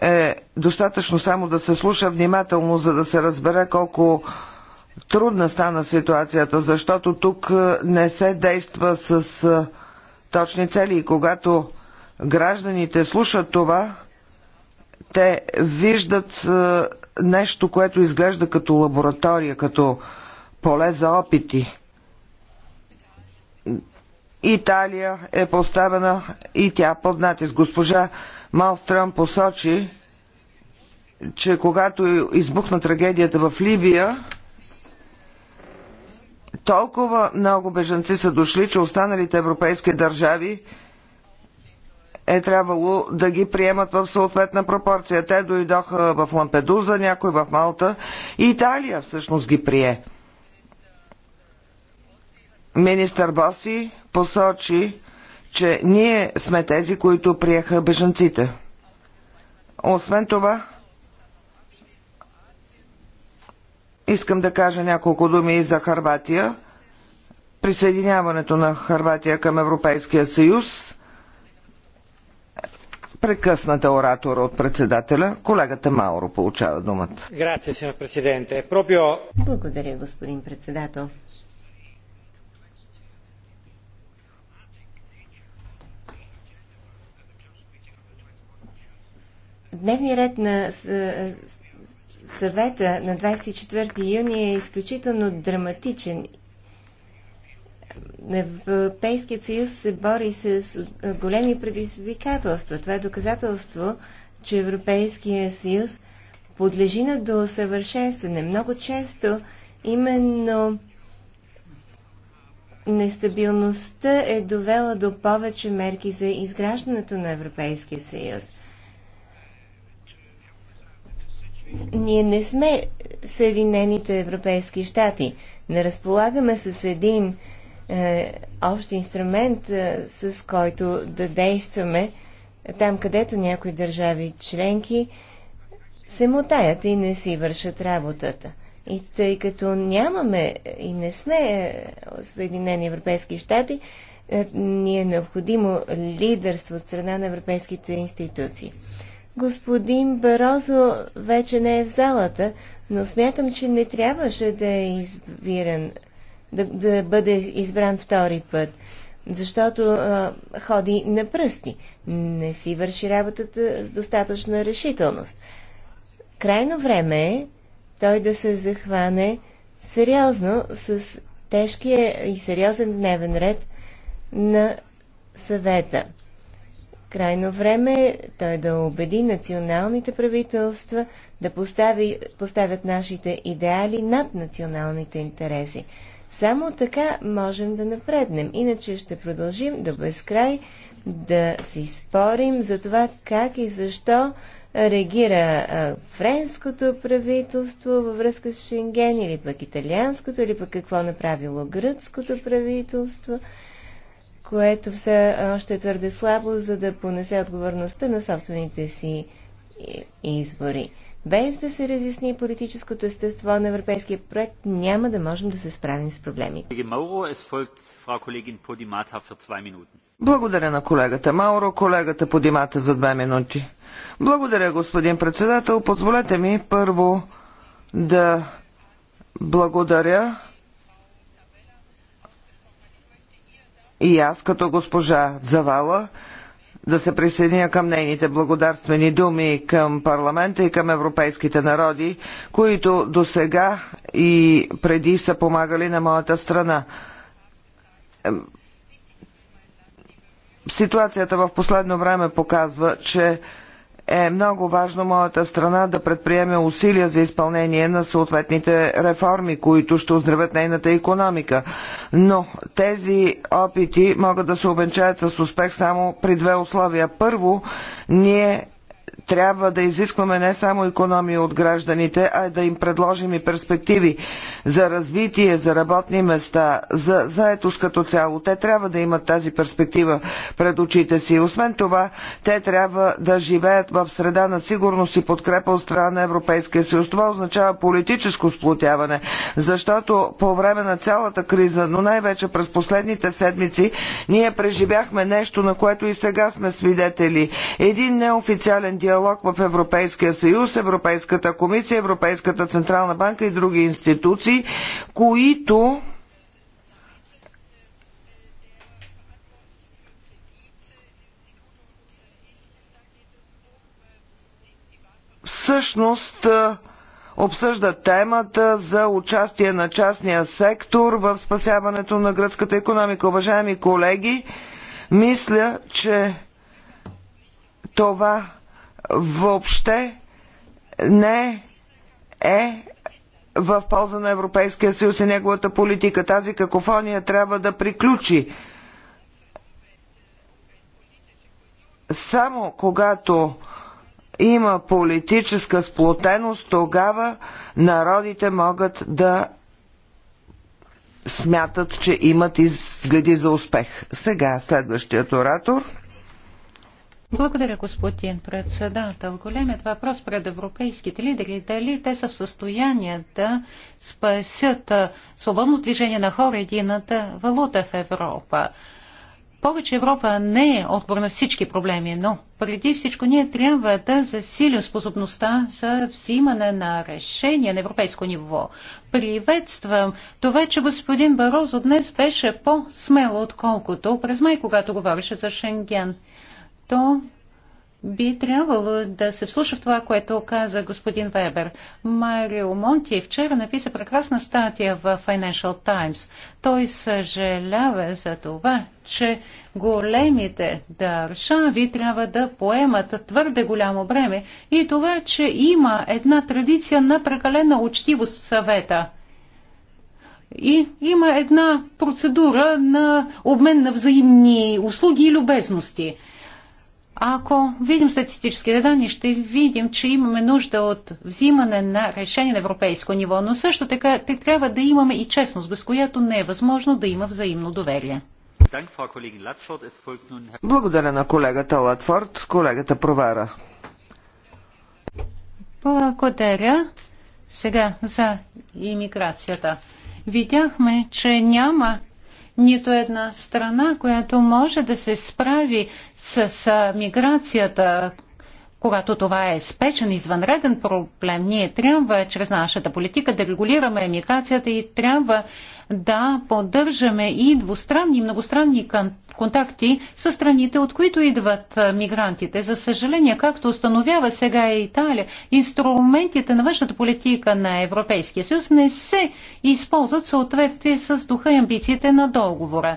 е достатъчно само да се слуша внимателно, за да се разбере колко трудна стана ситуацията, защото тук не се действа с точни цели. И когато гражданите слушат това, те виждат е, нещо, което изглежда като лаборатория, като поле за опити. Италия е поставена и тя под натиск. Госпожа Малстрън посочи, че когато избухна трагедията в Либия, толкова много бежанци са дошли, че останалите европейски държави е трябвало да ги приемат в съответна пропорция. Те дойдоха в Лампедуза, някой в Малта и Италия всъщност ги прие. Министър Боси посочи, че ние сме тези, които приеха бежанците. Освен това, искам да кажа няколко думи и за Харватия. Присъединяването на Харватия към Европейския съюз Прекъсната оратора от председателя, колегата Мауро получава думата. Благодаря, господин председател. Дневният ред на съвета на 24 юни е изключително драматичен Европейският съюз се бори с големи предизвикателства. Това е доказателство, че Европейския съюз подлежи на досъвършенстване. Много често именно нестабилността е довела до повече мерки за изграждането на Европейския съюз. Ние не сме Съединените Европейски щати. Не разполагаме с един е, общ инструмент, е, с който да действаме там, където някои държави членки се мотаят и не си вършат работата. И тъй като нямаме и не сме е, Съединени Европейски щати, е, ни е необходимо лидерство от страна на европейските институции. Господин Барозо вече не е в залата, но смятам, че не трябваше да е избиран да, да бъде избран втори път, защото а, ходи на пръсти, не си върши работата с достатъчна решителност. Крайно време е той да се захване сериозно с тежкия и сериозен дневен ред на съвета. Крайно време е той да убеди националните правителства да постави, поставят нашите идеали над националните интереси. Само така можем да напреднем. Иначе ще продължим до безкрай да си спорим за това как и защо реагира френското правителство във връзка с Шенген, или пък италианското, или пък какво направило гръцкото правителство, което все още е твърде слабо, за да понесе отговорността на собствените си избори. Без да се разясни политическото естество на европейския проект, няма да можем да се справим с проблемите. Е благодаря на колегата Мауро, колегата Подимата за две минути. Благодаря, господин председател. Позволете ми първо да благодаря и аз като госпожа Завала да се присъединя към нейните благодарствени думи към парламента и към европейските народи, които до сега и преди са помагали на моята страна. Ситуацията в последно време показва, че е много важно моята страна да предприеме усилия за изпълнение на съответните реформи, които ще оздравят нейната економика. Но тези опити могат да се обенчаят с успех само при две условия. Първо, ние трябва да изискваме не само економия от гражданите, а да им предложим и перспективи за развитие, за работни места, за заетост като цяло. Те трябва да имат тази перспектива пред очите си. Освен това, те трябва да живеят в среда на сигурност и подкрепа от страна на Европейския съюз. Това означава политическо сплотяване, защото по време на цялата криза, но най-вече през последните седмици, ние преживяхме нещо, на което и сега сме свидетели. Един неофициален диалог диалог в Европейския съюз, Европейската комисия, Европейската централна банка и други институции, които всъщност обсъжда темата за участие на частния сектор в спасяването на гръцката економика. Уважаеми колеги, мисля, че това въобще не е в полза на Европейския съюз и неговата политика. Тази какофония трябва да приключи. Само когато има политическа сплотеност, тогава народите могат да смятат, че имат изгледи за успех. Сега следващият оратор. Благодаря, господин председател. Големият въпрос пред европейските лидери е дали те са в състояние да спасят свободно движение на хора едината валута в Европа. Повече Европа не е отбор на всички проблеми, но преди всичко ние трябва да засилим способността за взимане на решения на европейско ниво. Приветствам това, че господин Барозо днес беше по-смело, отколкото през май, когато говореше за Шенген то би трябвало да се вслуша в това, което каза господин Вебер. Марио Монти вчера написа прекрасна статия в Financial Times. Той съжалява за това, че големите държави трябва да поемат твърде голямо бреме и това, че има една традиция на прекалена учтивост в съвета. И има една процедура на обмен на взаимни услуги и любезности – ако видим статистическите данни, ще видим, че имаме нужда от взимане на решение на европейско ниво, но също така те трябва да имаме и честност, без която не е възможно да има взаимно доверие. Благодаря на колегата Латфорд, колегата Провара. Благодаря. Сега за иммиграцията. Видяхме, че няма нито една страна, която може да се справи с миграцията, когато това е спешен, извънреден проблем, ние трябва чрез нашата политика да регулираме миграцията и трябва да поддържаме и двустранни, и многостранни контакти с страните, от които идват мигрантите. За съжаление, както установява сега и Италия, инструментите на външната политика на Европейския съюз не се използват в съответствие с духа и амбициите на договора.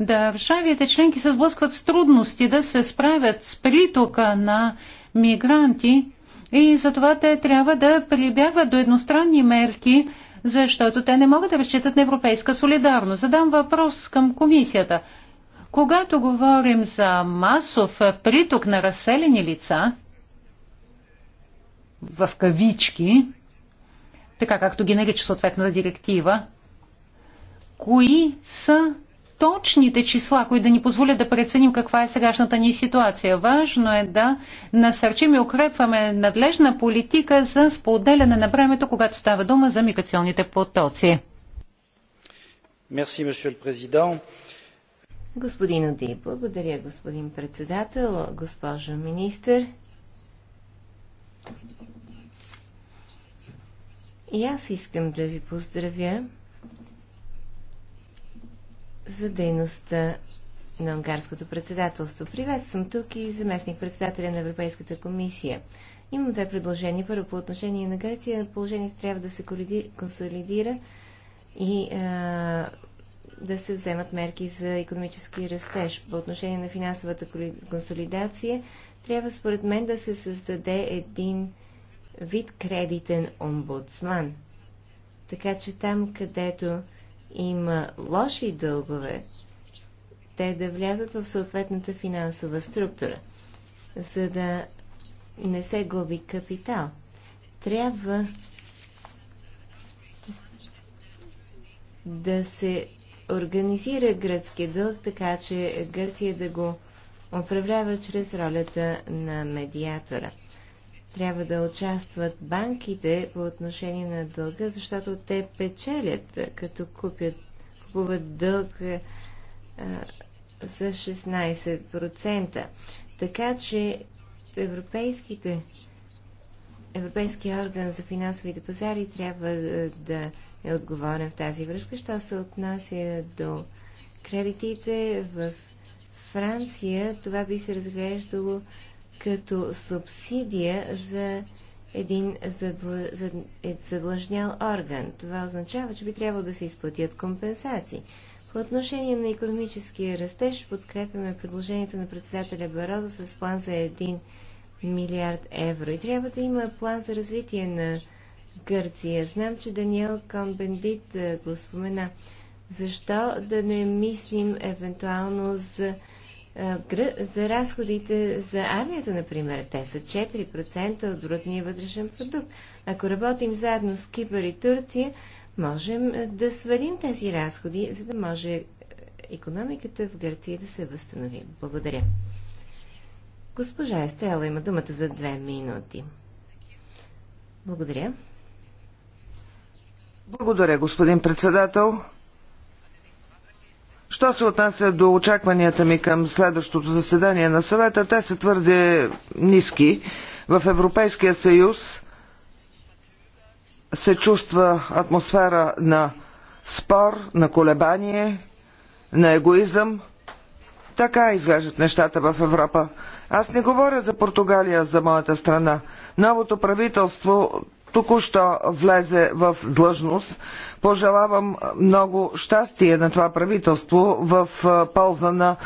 Държавите членки се сблъскват с трудности да се справят с притока на мигранти и затова те трябва да прибягват до едностранни мерки – защото те не могат да разчитат на европейска солидарност. Задам въпрос към комисията. Когато говорим за масов приток на разселени лица, в кавички, така както ги нарича съответната директива, кои са точните числа, които да ни позволят да преценим каква е сегашната ни ситуация. Важно е да насърчим и укрепваме надлежна политика за споделяне на времето, когато става дума за миграционните потоци. Мерси, Господин Оди, благодаря, господин председател, госпожа министър. И аз искам да ви поздравя за дейността на унгарското председателство. Приветствам тук и заместник председателя на Европейската комисия. Имам две предложения. Първо по отношение на Гърция. Положението трябва да се консолидира и а, да се вземат мерки за економически растеж. По отношение на финансовата консолидация трябва според мен да се създаде един вид кредитен омбудсман. Така че там, където има лоши дългове, те да влязат в съответната финансова структура, за да не се губи капитал. Трябва да се организира гръцкия дълг, така че Гърция да го управлява чрез ролята на медиатора – трябва да участват банките по отношение на дълга, защото те печелят, като купят, купуват дълг а, за 16%. Така че европейските Европейския орган за финансовите пазари трябва да е отговорен в тази връзка. Що се отнася до кредитите в Франция, това би се разглеждало като субсидия за един е, задлъжнял орган. Това означава, че би трябвало да се изплатят компенсации. По отношение на економическия растеж подкрепяме предложението на председателя Барозо с план за 1 милиард евро. И трябва да има план за развитие на Гърция. Знам, че Даниел Комбендит е, го спомена. Защо да не мислим евентуално за е, за разходите за армията, например, те са 4% от брутния вътрешен продукт. Ако работим заедно с Кипър и Турция, можем е, да свалим тези разходи, за да може економиката в Гърция да се възстанови. Благодаря. Госпожа Естела има думата за две минути. Благодаря. Благодаря, господин председател. Що се отнася до очакванията ми към следващото заседание на съвета, те са твърде ниски. В Европейския съюз се чувства атмосфера на спор, на колебание, на егоизъм. Така изглеждат нещата в Европа. Аз не говоря за Португалия, за моята страна. Новото правителство току-що влезе в длъжност пожелавам много щастие на това правителство в полза на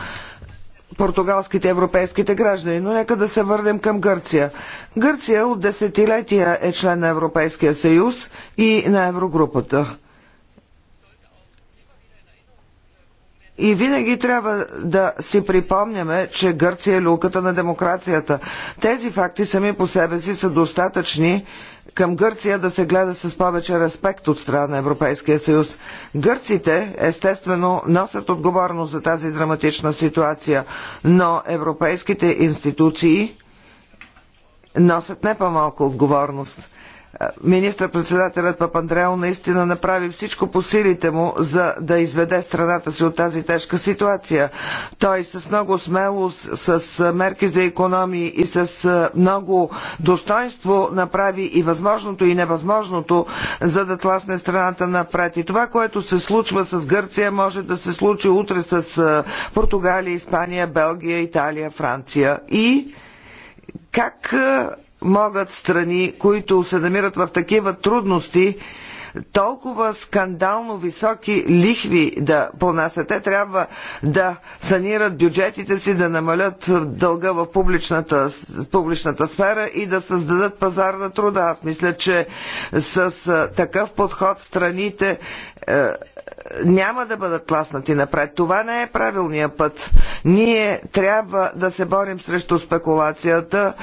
португалските европейските граждани. Но нека да се върнем към Гърция. Гърция от десетилетия е член на Европейския съюз и на Еврогрупата. И винаги трябва да си припомняме, че Гърция е люлката на демокрацията. Тези факти сами по себе си са достатъчни към Гърция да се гледа с повече респект от страна на Европейския съюз. Гърците, естествено, носят отговорност за тази драматична ситуация, но европейските институции носят не по-малко отговорност. Министър-председателят Папандрео наистина направи всичко по силите му, за да изведе страната си от тази тежка ситуация. Той с много смелост, с мерки за економии и с много достоинство направи и възможното и невъзможното, за да тласне страната напред. И това, което се случва с Гърция, може да се случи утре с Португалия, Испания, Белгия, Италия, Франция. И как могат страни, които се намират в такива трудности, толкова скандално високи лихви да понасят. Те трябва да санират бюджетите си, да намалят дълга в публичната, публичната сфера и да създадат пазар на труда. Аз мисля, че с такъв подход страните е, няма да бъдат класнати напред. Това не е правилният път. Ние трябва да се борим срещу спекулацията,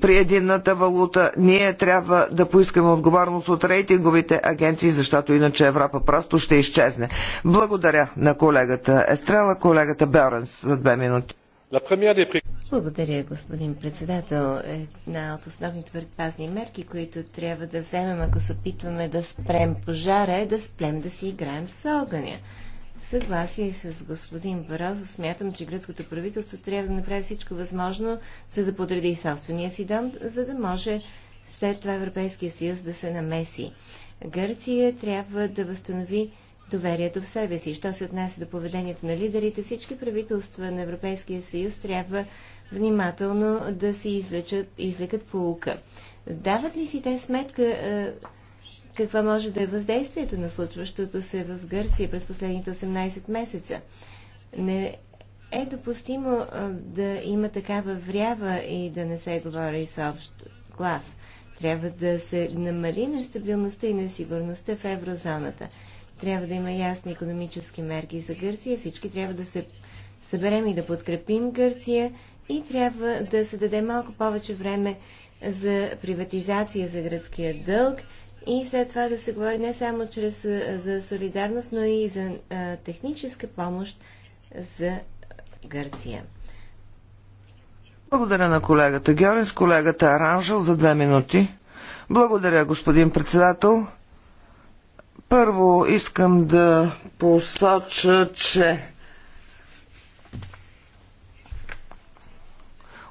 при единната валута. Ние трябва да поискаме отговорност от рейтинговите агенции, защото иначе Европа просто ще изчезне. Благодаря на колегата Естрела, колегата Беренс за две минути. Благодаря, господин председател. Една от основните предпазни мерки, които трябва да вземем, ако се опитваме да спрем пожара, е да спрем да си играем с огъня съгласие с господин Барозо. Смятам, че гръцкото правителство трябва да направи всичко възможно, за да подреди собствения си дом, за да може след това Европейския съюз да се намеси. Гърция трябва да възстанови доверието в себе си. Що се отнася до поведението на лидерите, всички правителства на Европейския съюз трябва внимателно да си извлекат, извлекат полука. Дават ли си те сметка е, какво може да е въздействието на случващото се в Гърция през последните 18 месеца. Не е допустимо да има такава врява и да не се говори с общ глас. Трябва да се намали нестабилността и несигурността в еврозоната. Трябва да има ясни економически мерки за Гърция. Всички трябва да се съберем и да подкрепим Гърция и трябва да се даде малко повече време за приватизация за гръцкия дълг – и след това да се говори не само чрез, за солидарност, но и за а, техническа помощ за Гърция. Благодаря на колегата Георгис, колегата Аранжел за две минути. Благодаря, господин председател. Първо искам да посоча, че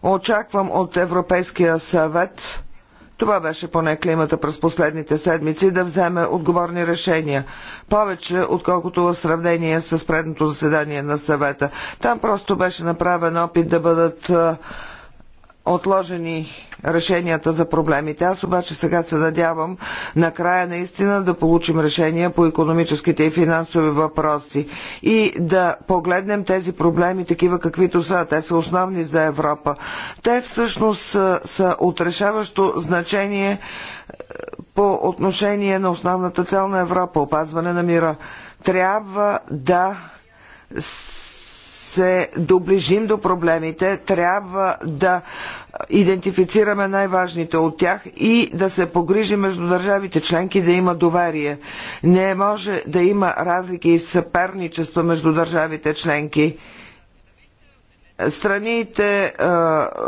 очаквам от Европейския съвет това беше поне климата през последните седмици да вземе отговорни решения. Повече, отколкото в сравнение с предното заседание на съвета. Там просто беше направен опит да бъдат отложени решенията за проблемите. Аз обаче сега се надявам накрая наистина да получим решения по економическите и финансови въпроси и да погледнем тези проблеми такива каквито са. Те са основни за Европа. Те всъщност са, са отрешаващо значение е, по отношение на основната цел на Европа опазване на мира. Трябва да се доближим до проблемите, трябва да идентифицираме най-важните от тях и да се погрижи между държавите членки да има доверие. Не може да има разлики и съперничество между държавите членки страните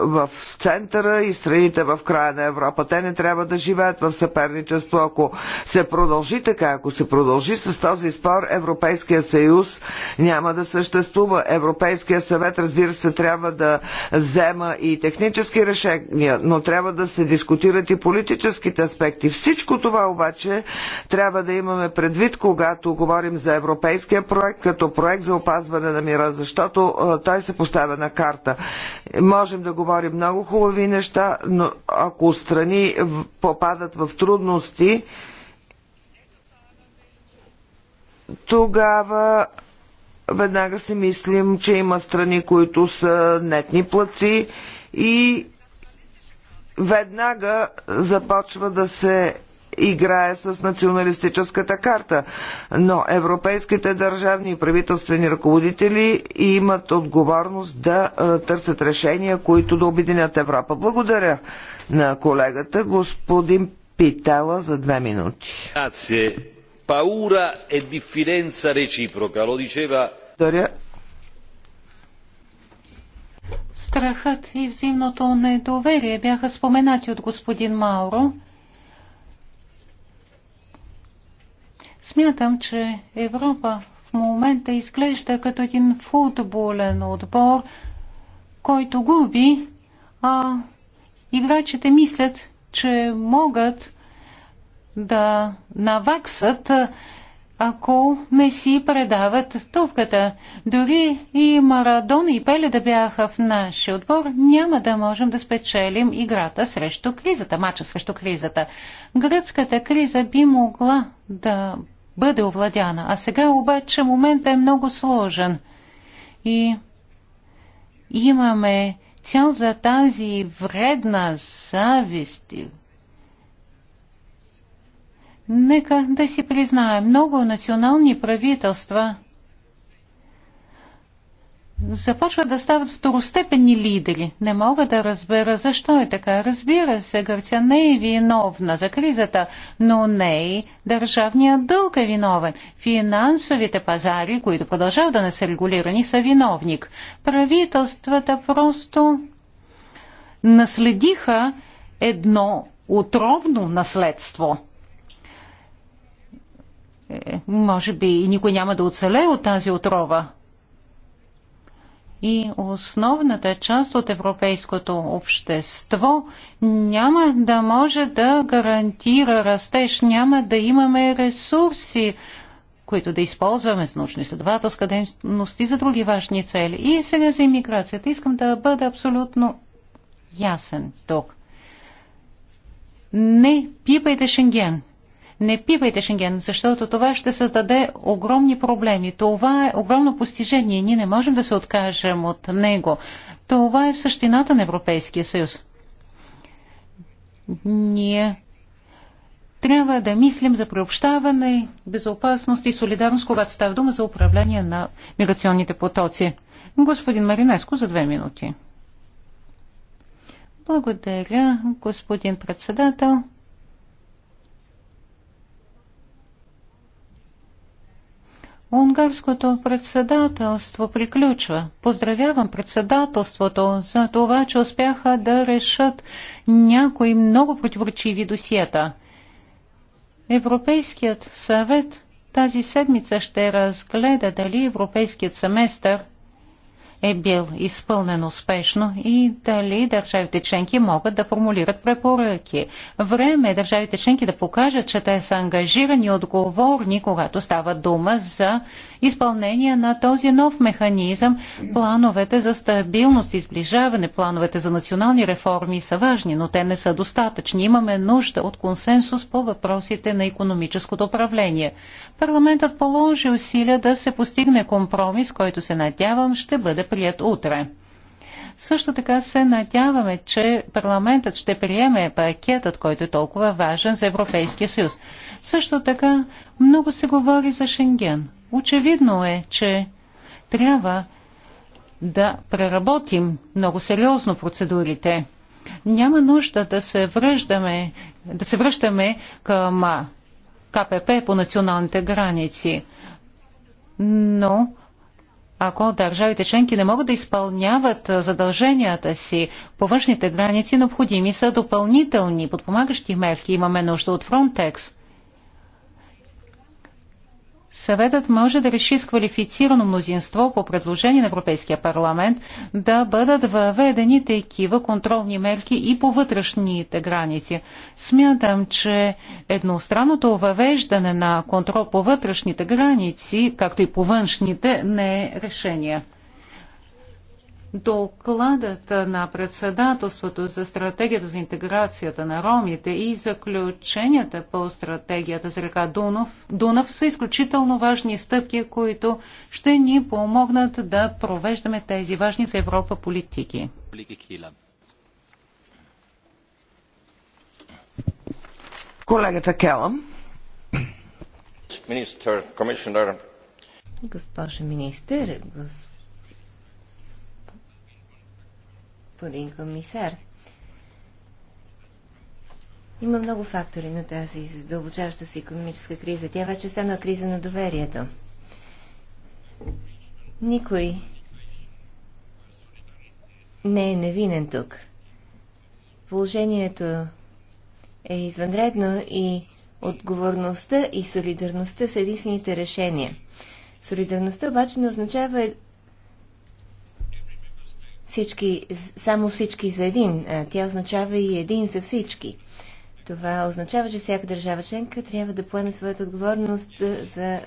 в центъра и страните в края на Европа. Те не трябва да живеят в съперничество. Ако се продължи така, ако се продължи с този спор, Европейския съюз няма да съществува. Европейския съвет, разбира се, трябва да взема и технически решения, но трябва да се дискутират и политическите аспекти. Всичко това обаче трябва да имаме предвид, когато говорим за европейския проект, като проект за опазване на мира, защото той се поставя здравна карта. Можем да говорим много хубави неща, но ако страни попадат в трудности, тогава веднага си мислим, че има страни, които са нетни плаци и веднага започва да се играе с националистическата карта. Но европейските държавни и правителствени ръководители имат отговорност да търсят решения, които да обединят Европа. Благодаря на колегата, господин Питела, за две минути. Паура е реципрока, Благодаря. Страхът и взаимното недоверие бяха споменати от господин Мауро. Смятам, че Европа в момента изглежда като един футболен отбор, който губи, а играчите мислят, че могат да наваксат, ако не си предават топката. Дори и Марадон и Пеле да бяха в нашия отбор, няма да можем да спечелим играта срещу кризата, мача срещу кризата. Гръцката криза би могла да бъде овладяна. А сега обаче момента е много сложен. И имаме цял за тази вредна завист. Нека да си признаем, много национални правителства – започват да стават второстепенни лидери. Не мога да разбера защо е така. Разбира се, Гърция не е виновна за кризата, но не и държавният дълг е виновен. Финансовите пазари, които продължават да не са регулирани, са виновник. Правителствата просто наследиха едно отровно наследство е, може би и никой няма да оцелее от тази отрова и основната част от европейското общество няма да може да гарантира растеж, няма да имаме ресурси, които да използваме с научно-изследователска дейност и за други важни цели. И сега за иммиграцията. Искам да бъда абсолютно ясен тук. Не пипайте Шенген не пивайте Шенген, защото това ще създаде огромни проблеми. Това е огромно постижение. Ние не можем да се откажем от него. Това е в същината на Европейския съюз. Ние трябва да мислим за приобщаване, безопасност и солидарност, когато става дума за управление на миграционните потоци. Господин Маринеско за две минути. Благодаря, господин председател. Унгарското председателство приключва. Поздравявам председателството за това, че успяха да решат някои много противоречиви досиета. Европейският съвет тази седмица ще разгледа дали Европейският семестър е бил изпълнен успешно и дали държавите членки могат да формулират препоръки. Време е държавите членки да покажат, че те са ангажирани и отговорни, когато става дума за изпълнение на този нов механизъм. Плановете за стабилност и сближаване, плановете за национални реформи са важни, но те не са достатъчни. Имаме нужда от консенсус по въпросите на економическото управление. Парламентът положи усилия да се постигне компромис, който се надявам ще бъде прият утре. Също така се надяваме, че парламентът ще приеме пакетът, който е толкова важен за Европейския съюз. Също така много се говори за Шенген. Очевидно е, че трябва да преработим много сериозно процедурите. Няма нужда да се връщаме, да се връщаме към КПП по националните граници. Но ако държавите членки не могат да изпълняват задълженията си по външните граници, необходими са допълнителни подпомагащи мерки. Имаме нужда от Фронтекс. Съветът може да реши с квалифицирано мнозинство по предложение на Европейския парламент да бъдат въведени такива контролни мерки и по вътрешните граници. Смятам, че едностранното въвеждане на контрол по вътрешните граници, както и по външните, не е решение. Докладът на председателството за стратегията за интеграцията на ромите и заключенията по стратегията за река Дунов, Дунав са изключително важни стъпки, които ще ни помогнат да провеждаме тези важни за Европа политики. Колегата Келъм. Министър, комисионер. министър, господин комисар. Има много фактори на тази задълбочаваща се економическа криза. Тя вече стана криза на доверието. Никой не е невинен тук. Положението е извънредно и отговорността и солидарността са единствените решения. Солидарността обаче не означава всички, само всички за един. Е, тя означава и един за всички. Това означава, че всяка държава членка трябва да поеме своята отговорност е, за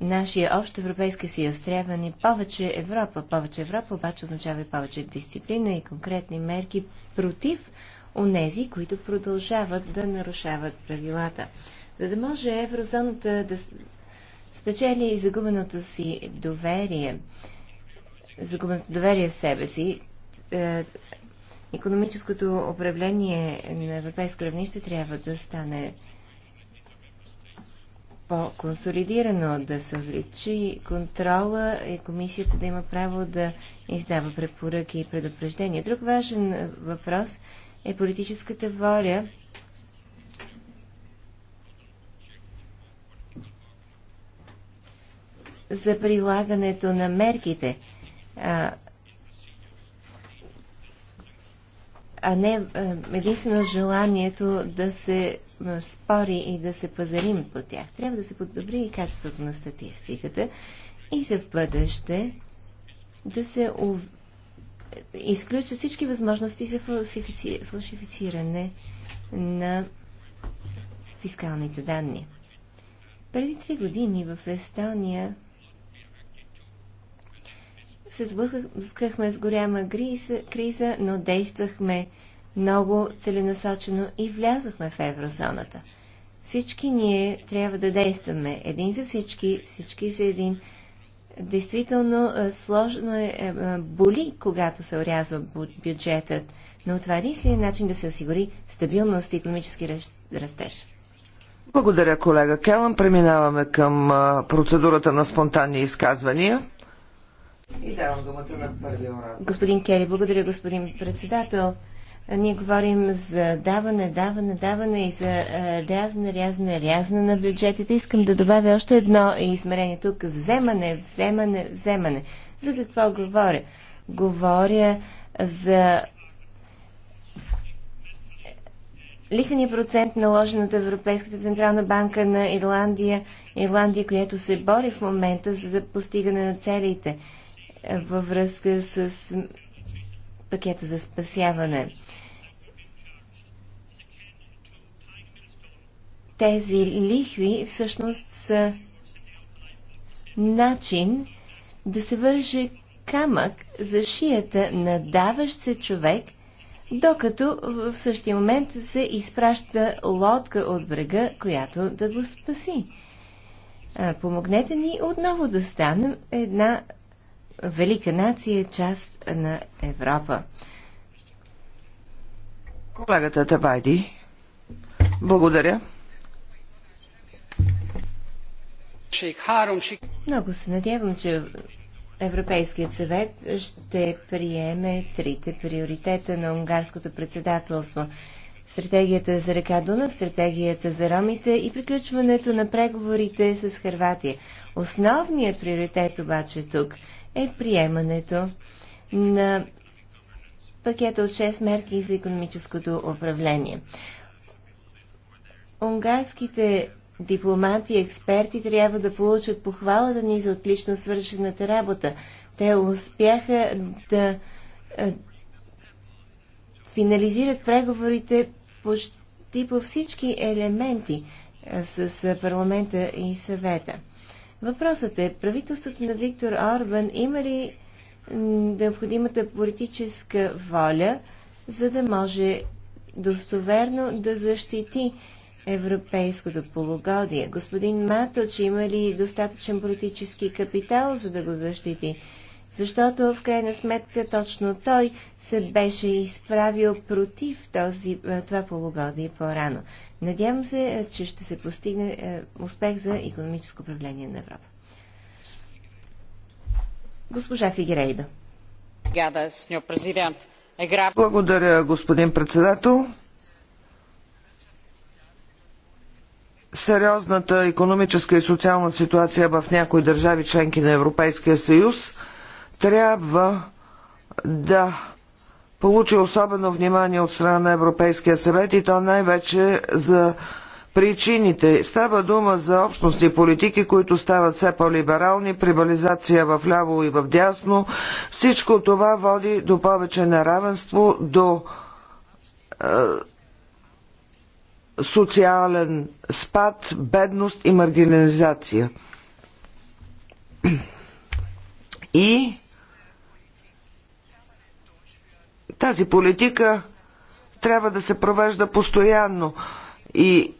нашия общ Европейски съюз. Трябва ни повече Европа. Повече Европа обаче означава и повече дисциплина и конкретни мерки против онези, които продължават да нарушават правилата. За да може еврозоната да спечели загубеното си доверие, загубеното доверие в себе си. Е, економическото управление на европейско равнище трябва да стане по-консолидирано, да се увеличи контрола и комисията да има право да издава препоръки и предупреждения. Друг важен въпрос е политическата воля за прилагането на мерките а, не единствено желанието да се спори и да се пазарим по тях. Трябва да се подобри и качеството на статистиката и за в бъдеще да се ув... изключат всички възможности за фалшифици... фалшифициране на фискалните данни. Преди три години в Естония се сблъскахме с голяма криза, но действахме много целенасочено и влязохме в еврозоната. Всички ние трябва да действаме. Един за всички, всички за един. Действително сложно е, боли, когато се орязва бюджетът, но това е единствения начин да се осигури стабилност и економически растеж. Благодаря, колега Келан. Преминаваме към процедурата на спонтанни изказвания. И давам думата на първи оратор. Господин Кели, благодаря, господин председател. Ние говорим за даване, даване, даване и за е, рязане, рязане, рязане на бюджетите. Искам да добавя още едно измерение тук. Вземане, вземане, вземане. За какво говоря? Говоря за лихвения процент, наложен от Европейската централна банка на Ирландия, Ирландия, която се бори в момента за постигане на целите – във връзка с пакета за спасяване. Тези лихви всъщност са начин да се върже камък за шията на даващ се човек, докато в същия момент се изпраща лодка от брега, която да го спаси. Помогнете ни отново да станем една велика нация, е част на Европа. Колегата Табайди, благодаря. Много се надявам, че Европейският съвет ще приеме трите приоритета на унгарското председателство. Стратегията за река Дунав, стратегията за ромите и приключването на преговорите с Харватия. Основният приоритет обаче тук е приемането на пакета от 6 мерки за економическото управление. Унгарските дипломати и експерти трябва да получат похвалата ни за отлично свършената работа. Те успяха да финализират преговорите почти по всички елементи с парламента и съвета. Въпросът е, правителството на Виктор Орбан има ли необходимата политическа воля, за да може достоверно да защити европейското полугодие? Господин Маточ има ли достатъчен политически капитал, за да го защити? защото в крайна сметка точно той се беше изправил против този, е, това полугодие по-рано. Надявам се, е, че ще се постигне е, успех за економическо управление на Европа. Госпожа Фигерейда. Благодаря, господин председател. Сериозната економическа и социална ситуация в някои държави членки на Европейския съюз – трябва да получи особено внимание от страна на Европейския съвет и то най-вече за причините. Става дума за общностни политики, които стават все по-либерални, прибализация в ляво и в дясно. Всичко това води до повече неравенство, до е, социален спад, бедност и маргинализация. И Тази политика трябва да се провежда постоянно и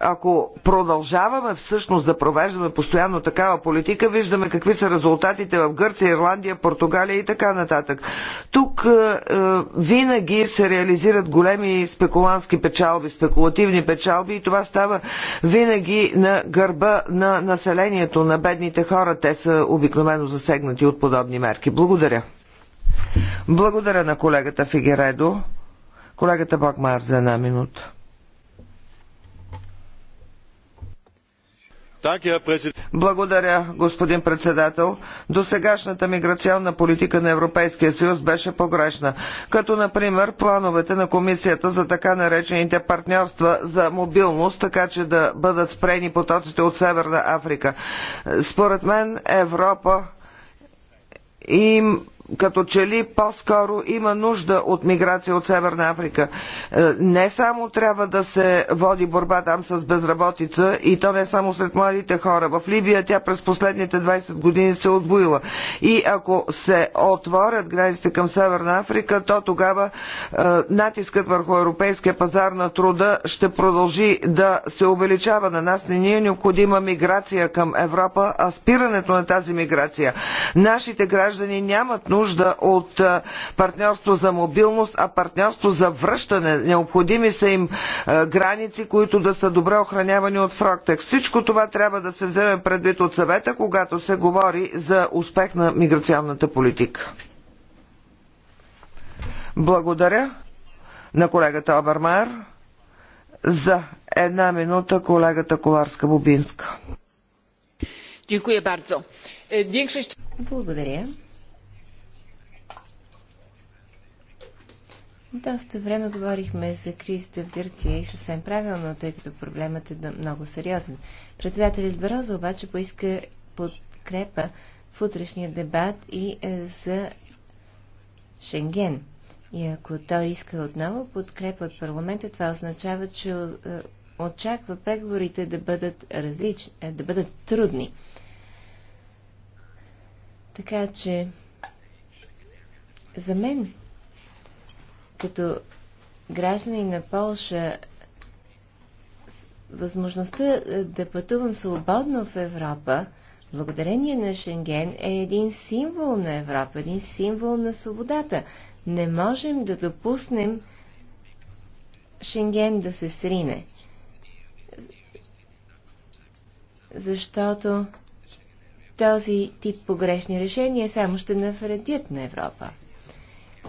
ако продължаваме всъщност да провеждаме постоянно такава политика, виждаме какви са резултатите в Гърция, Ирландия, Португалия и така нататък. Тук е, е винаги се реализират големи спекулантски печалби, спекулативни печалби и това става винаги на гърба на населението, на бедните хора. Те са обикновено засегнати от подобни мерки. Благодаря. Благодаря на колегата Фигередо. Колегата Бакмар за една минута. Благодаря, господин председател. Досегашната миграционна политика на Европейския съюз беше погрешна, като например плановете на комисията за така наречените партньорства за мобилност, така че да бъдат спрени потоците от Северна Африка. Според мен Европа им като че ли по-скоро има нужда от миграция от Северна Африка. Е, не само трябва да се води борба там с безработица и то не само сред младите хора. В Либия тя през последните 20 години се отбоила. И ако се отворят границите към Северна Африка, то тогава е, натискът върху европейския пазар на труда ще продължи да се увеличава. На нас не ни е необходима миграция към Европа, а спирането на тази миграция. Нашите граждани нямат нужда от партньорство за мобилност, а партньорство за връщане. Необходими са им граници, които да са добре охранявани от Фронтекс. Всичко това трябва да се вземе предвид от съвета, когато се говори за успех на миграционната политика. Благодаря на колегата Обермайер. За една минута колегата Коларска-Бубинска. Е, Благодаря. Доста време говорихме за кризата в Гърция и съвсем правилно, тъй като проблемът е много сериозен. Председателят Бароза обаче поиска подкрепа в утрешния дебат и е, за Шенген. И ако той иска отново подкрепа от парламента, това означава, че е, очаква преговорите да бъдат различни, е, да бъдат трудни. Така че за мен като граждани на Полша възможността е, да пътувам свободно в Европа, благодарение на Шенген, е един символ на Европа, един символ на свободата. Не можем да допуснем Шенген да се срине. Защото този тип погрешни решения само ще навредят на Европа.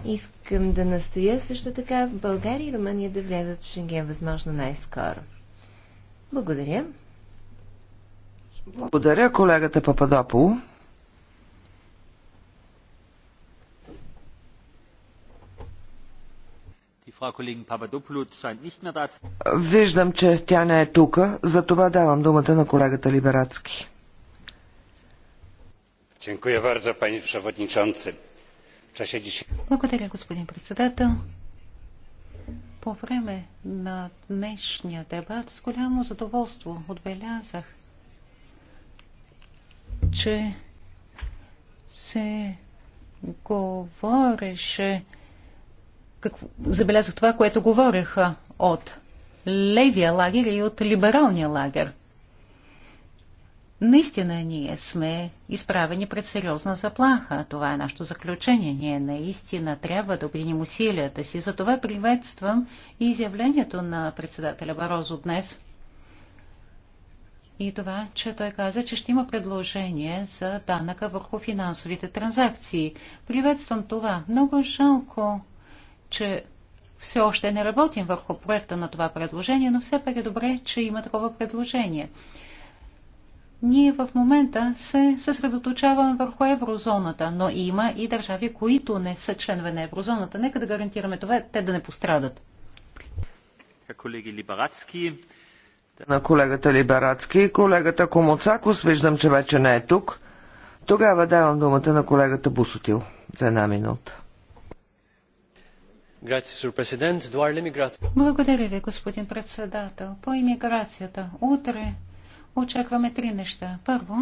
Искам да настоя също така България и Румъния да влязат в Шенген възможно най-скоро. Благодаря. Благодаря колегата Пападопол. Виждам, че тя не е тук, затова давам думата на колегата Либерацки. Благодаря, господин председател. По време на днешния дебат с голямо задоволство отбелязах, че се говореше, какво, забелязах това, което говореха от левия лагер и от либералния лагер – Наистина ние сме изправени пред сериозна заплаха. Това е нашето заключение. Ние наистина трябва да обединим усилията си. Затова приветствам и изявлението на председателя Барозо днес. И това, че той каза, че ще има предложение за данъка върху финансовите транзакции. Приветствам това. Много жалко, че все още не работим върху проекта на това предложение, но все пак е добре, че има такова предложение ние в момента се съсредоточаваме върху еврозоната, но има и държави, които не са членове на еврозоната. Нека да гарантираме това, те да не пострадат. Колеги Либарацки. На колегата Либарацки, колегата Комоцакос, виждам, че вече не е тук. Тогава давам думата на колегата Бусотил за една минута. Благодаря ви, господин председател. По имиграцията. Утре очакваме три неща. Първо,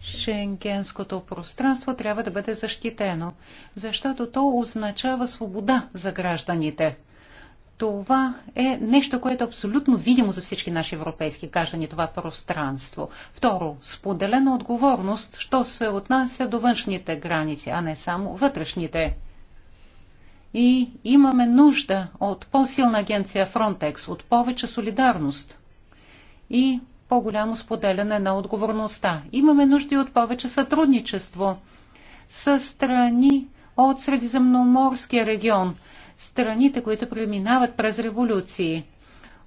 шенгенското пространство трябва да бъде защитено, защото то означава свобода за гражданите. Това е нещо, което е абсолютно видимо за всички наши европейски граждани, това пространство. Второ, споделена отговорност, що се отнася до външните граници, а не само вътрешните. И имаме нужда от по-силна агенция Frontex, от повече солидарност. И по-голямо споделяне на отговорността. Имаме нужди от повече сътрудничество с страни от Средиземноморския регион, страните, които преминават през революции.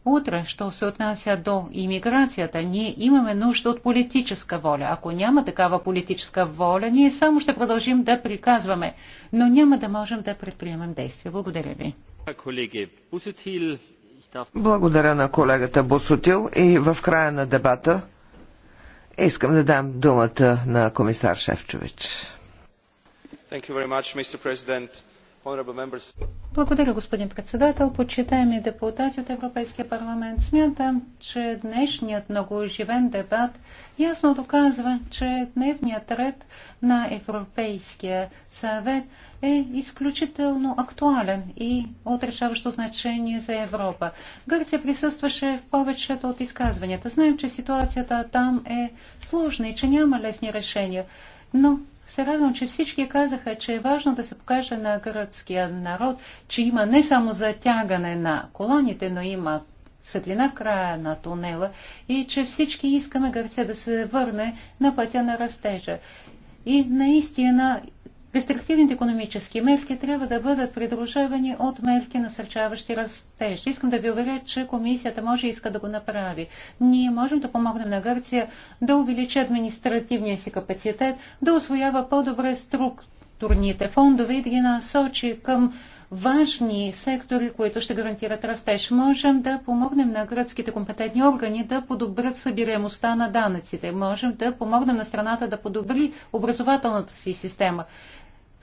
Утре, що се отнася до имиграцията, ние имаме нужда от политическа воля. Ако няма такава политическа воля, ние само ще продължим да приказваме, но няма да можем да предприемем действия. Благодаря ви. Благодаря на колегата Босотил и в края на дебата искам да дам думата на комисар Шефчович. Благодаря, господин председател. Почитаеми депутати от Европейския парламент, смятам, че днешният много живен дебат ясно доказва, че дневният ред на Европейския съвет е изключително актуален и от решаващо значение за Европа. Гърция присъстваше в повечето от изказванията. Знаем, че ситуацията там е сложна и че няма лесни решения, но се радвам, че всички казаха, че е важно да се покаже на гръцкия народ, че има не само затягане на колоните, но има светлина в края на тунела и че всички искаме Гърция да се върне на пътя на растежа. И наистина Рестриктивните економически мерки трябва да бъдат придружавани от мерки насърчаващи растеж. Искам да ви уверя, че комисията може и иска да го направи. Ние можем да помогнем на Гърция да увеличи административния си капацитет, да освоява по-добре структурните фондове и да ги насочи към важни сектори, които ще гарантират растеж. Можем да помогнем на гръцките компетентни органи да подобрят събираемостта на данъците. Можем да помогнем на страната да подобри образователната си система.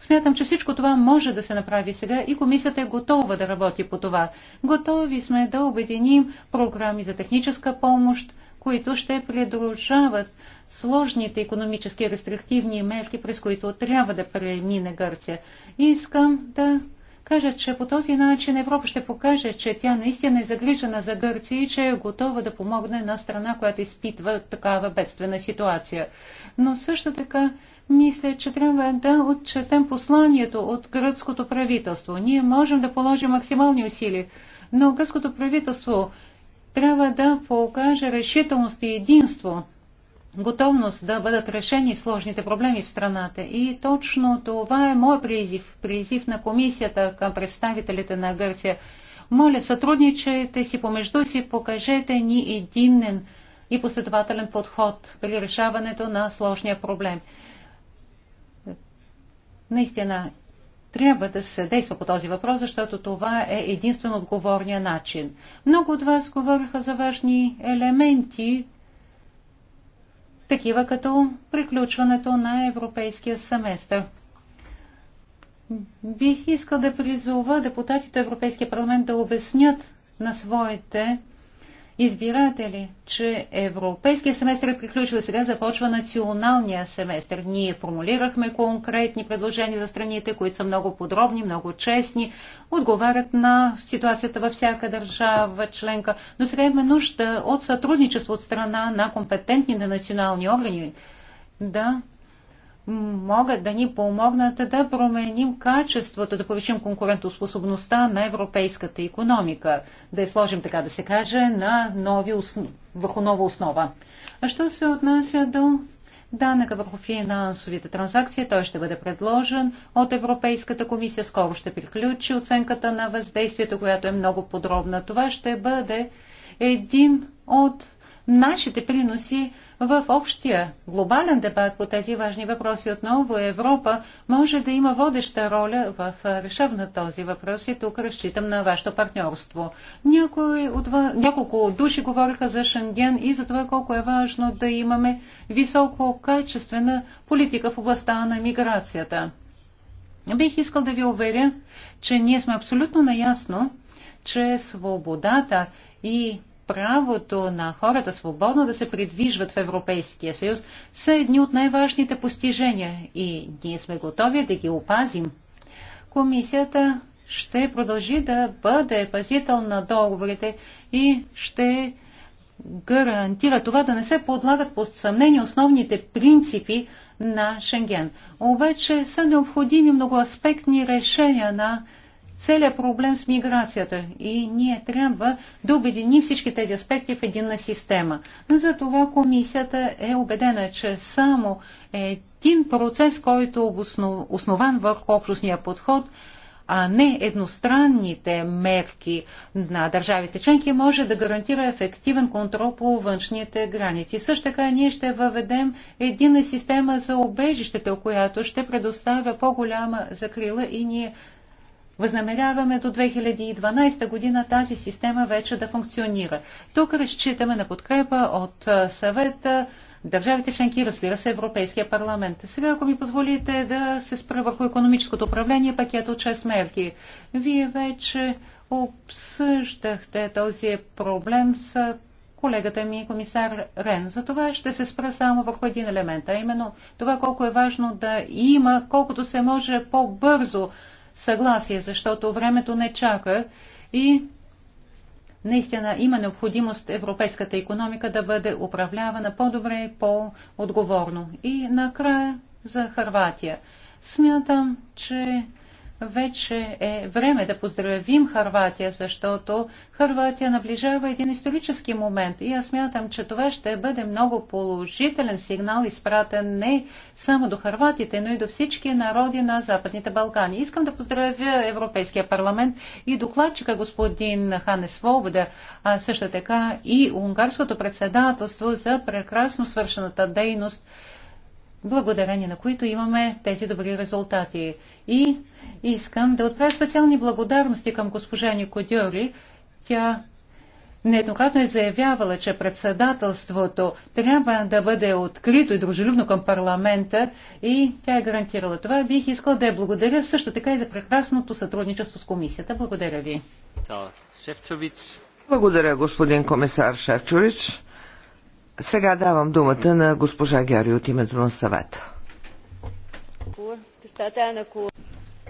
Смятам, че всичко това може да се направи сега и комисията е готова да работи по това. Готови сме да обединим програми за техническа помощ, които ще придружават сложните економически рестриктивни мерки, през които трябва да премине Гърция. Искам да кажа, че по този начин Европа ще покаже, че тя наистина е загрижена за Гърция и че е готова да помогне на страна, която изпитва такава бедствена ситуация. Но също така мисля, че трябва да отчетем посланието от гръцкото правителство. Ние можем да положим максимални усилия, но гръцкото правителство трябва да покаже решителност и единство, готовност да бъдат решени сложните проблеми в страната. И точно това е мой призив, призив на комисията към представителите на Гърция. Моля, сътрудничайте си помежду си, покажете ни единен и последователен подход при решаването на сложния проблем наистина трябва да се действа по този въпрос, защото това е единствено отговорния начин. Много от вас говориха за важни елементи, такива като приключването на европейския семестър. Бих искал да призова депутатите Европейския парламент да обяснят на своите избиратели, че европейския семестър е приключил, сега започва националния семестър. Ние формулирахме конкретни предложения за страните, които са много подробни, много честни, отговарят на ситуацията във всяка държава членка, но сега имаме нужда от сътрудничество от страна на компетентни на национални органи да могат да ни помогнат да променим качеството, да повишим конкурентоспособността на европейската економика, да я сложим, така да се каже, на нови основ... върху нова основа. А що се отнася до данъка върху финансовите транзакции, той ще бъде предложен от Европейската комисия. Скоро ще приключи оценката на въздействието, която е много подробна. Това ще бъде един от нашите приноси в общия глобален дебат по тези важни въпроси отново Европа може да има водеща роля в решав на този въпрос и тук разчитам на вашето партньорство. от, няколко души говориха за Шенген и за това колко е важно да имаме високо качествена политика в областта на миграцията. Бих искал да ви уверя, че ние сме абсолютно наясно, че свободата и правото на хората свободно да се придвижват в Европейския съюз са едни от най-важните постижения и ние сме готови да ги опазим. Комисията ще продължи да бъде пазител на договорите и ще гарантира това да не се подлагат под съмнение основните принципи на Шенген. Обаче са необходими многоаспектни решения на целият проблем с миграцията и ние трябва да обединим всички тези аспекти в единна система. Затова комисията е убедена, че само един процес, който е основан върху общностния подход, а не едностранните мерки на държавите членки, може да гарантира ефективен контрол по външните граници. Също така ние ще въведем единна система за обежището, която ще предоставя по-голяма закрила и ние Възнамеряваме до 2012 година тази система вече да функционира. Тук разчитаме на подкрепа от съвета, държавите членки, разбира се, Европейския парламент. Сега, ако ми позволите да се спра върху економическото управление, пакет от 6 мерки. Вие вече обсъждахте този проблем с колегата ми, комисар Рен. За това ще се спра само върху един елемент, а именно това колко е важно да има, колкото се може по-бързо съгласие, защото времето не чака и наистина има необходимост европейската економика да бъде управлявана по-добре и по-отговорно. И накрая за Харватия. Смятам, че вече е време да поздравим Харватия, защото Харватия наближава един исторически момент и аз мятам, че това ще бъде много положителен сигнал, изпратен не само до харватите, но и до всички народи на Западните Балкани. Искам да поздравя Европейския парламент и докладчика господин Хане Свобода, а също така и унгарското председателство за прекрасно свършената дейност – благодарение на които имаме тези добри резултати. И искам да отправя специални благодарности към госпожа Никодьори. Тя нееднократно е заявявала, че председателството трябва да бъде открито и дружелюбно към парламента и тя е гарантирала това. Бих искала да я благодаря също така и за прекрасното сътрудничество с комисията. Благодаря ви. Благодаря, господин комисар Шевчович. Сега давам думата на госпожа Георги от името на съвета.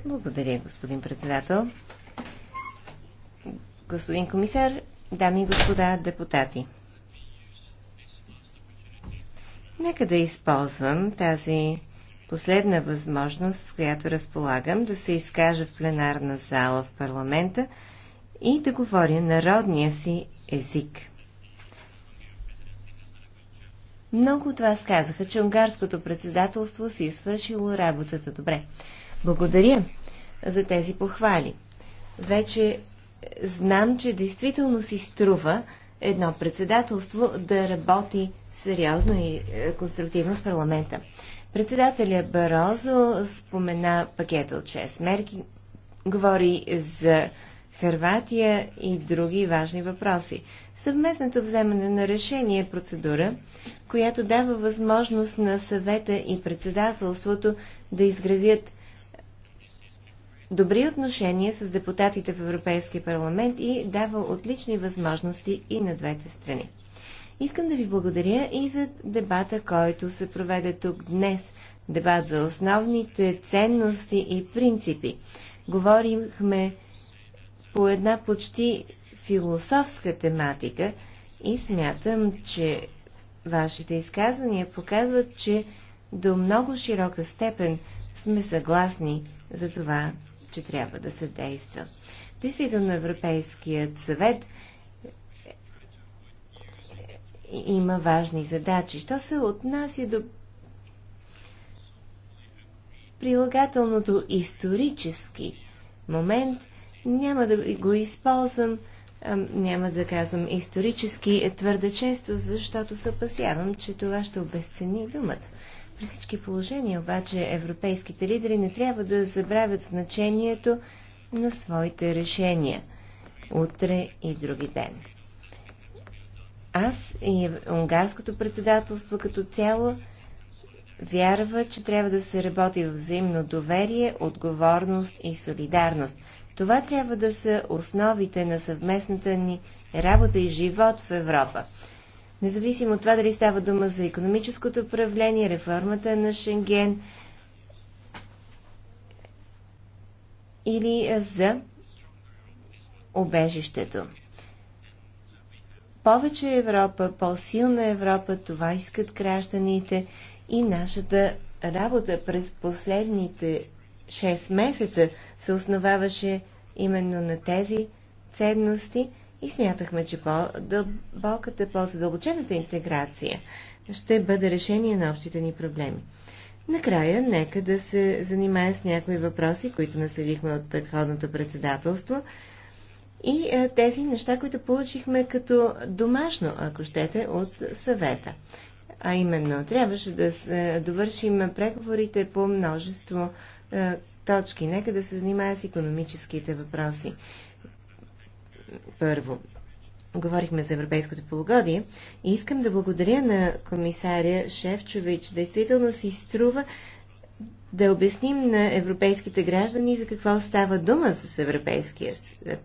Благодаря, господин председател. Господин комисар, дами и господа депутати. Нека да използвам тази последна възможност, с която разполагам, да се изкажа в пленарна зала в парламента и да говоря народния си език. Много от вас казаха, че унгарското председателство си е свършило работата добре. Благодаря за тези похвали. Вече знам, че действително си струва едно председателство да работи сериозно и е, конструктивно с парламента. Председателя Барозо спомена пакета от 6 мерки, говори за Харватия и други важни въпроси. Съвместното вземане на решение е процедура, която дава възможност на съвета и председателството да изградят добри отношения с депутатите в Европейския парламент и дава отлични възможности и на двете страни. Искам да ви благодаря и за дебата, който се проведе тук днес. Дебат за основните ценности и принципи. Говорихме по една почти философска тематика и смятам, че вашите изказвания показват, че до много широка степен сме съгласни за това, че трябва да се действа. Действително Европейският съвет има важни задачи. Що се отнася до прилагателното исторически момент – няма да го използвам, няма да казвам исторически е твърде често, защото се опасявам, че това ще обесцени думата. При всички положения обаче европейските лидери не трябва да забравят значението на своите решения утре и други ден. Аз и унгарското председателство като цяло вярва, че трябва да се работи в взаимно доверие, отговорност и солидарност. Това трябва да са основите на съвместната ни работа и живот в Европа. Независимо от това дали става дума за економическото управление, реформата на Шенген или за обежището. Повече Европа, по-силна Европа, това искат гражданите и нашата работа през последните 6 месеца се основаваше именно на тези ценности и смятахме, че по-дълбоката, по-задълбочената интеграция ще бъде решение на общите ни проблеми. Накрая, нека да се занимая с някои въпроси, които наследихме от предходното председателство и е, тези неща, които получихме като домашно, ако щете, от съвета. А именно, трябваше да е, довършим преговорите по множество е, точки. Нека да се занимая с економическите въпроси. Първо, говорихме за европейското полугодие и искам да благодаря на комисаря Шефчович. Действително си струва да обясним на европейските граждани за какво става дума с е,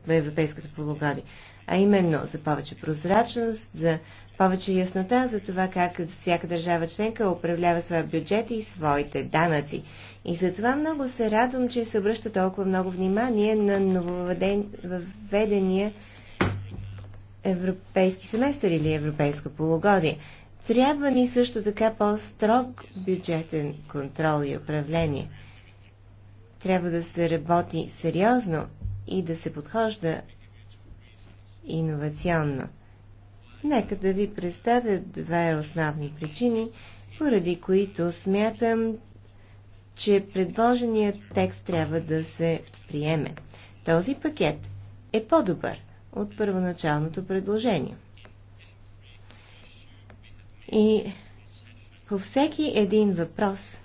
европейското полугодие. А именно за повече прозрачност, за повече яснота за това как всяка държава членка управлява своя бюджет и своите данъци. И за това много се радвам, че се обръща толкова много внимание на нововведения европейски семестър или европейско полугодие. Трябва ни също така по-строг бюджетен контрол и управление. Трябва да се работи сериозно и да се подхожда иновационно. Нека да ви представя две основни причини, поради които смятам, че предложеният текст трябва да се приеме. Този пакет е по-добър от първоначалното предложение. И по всеки един въпрос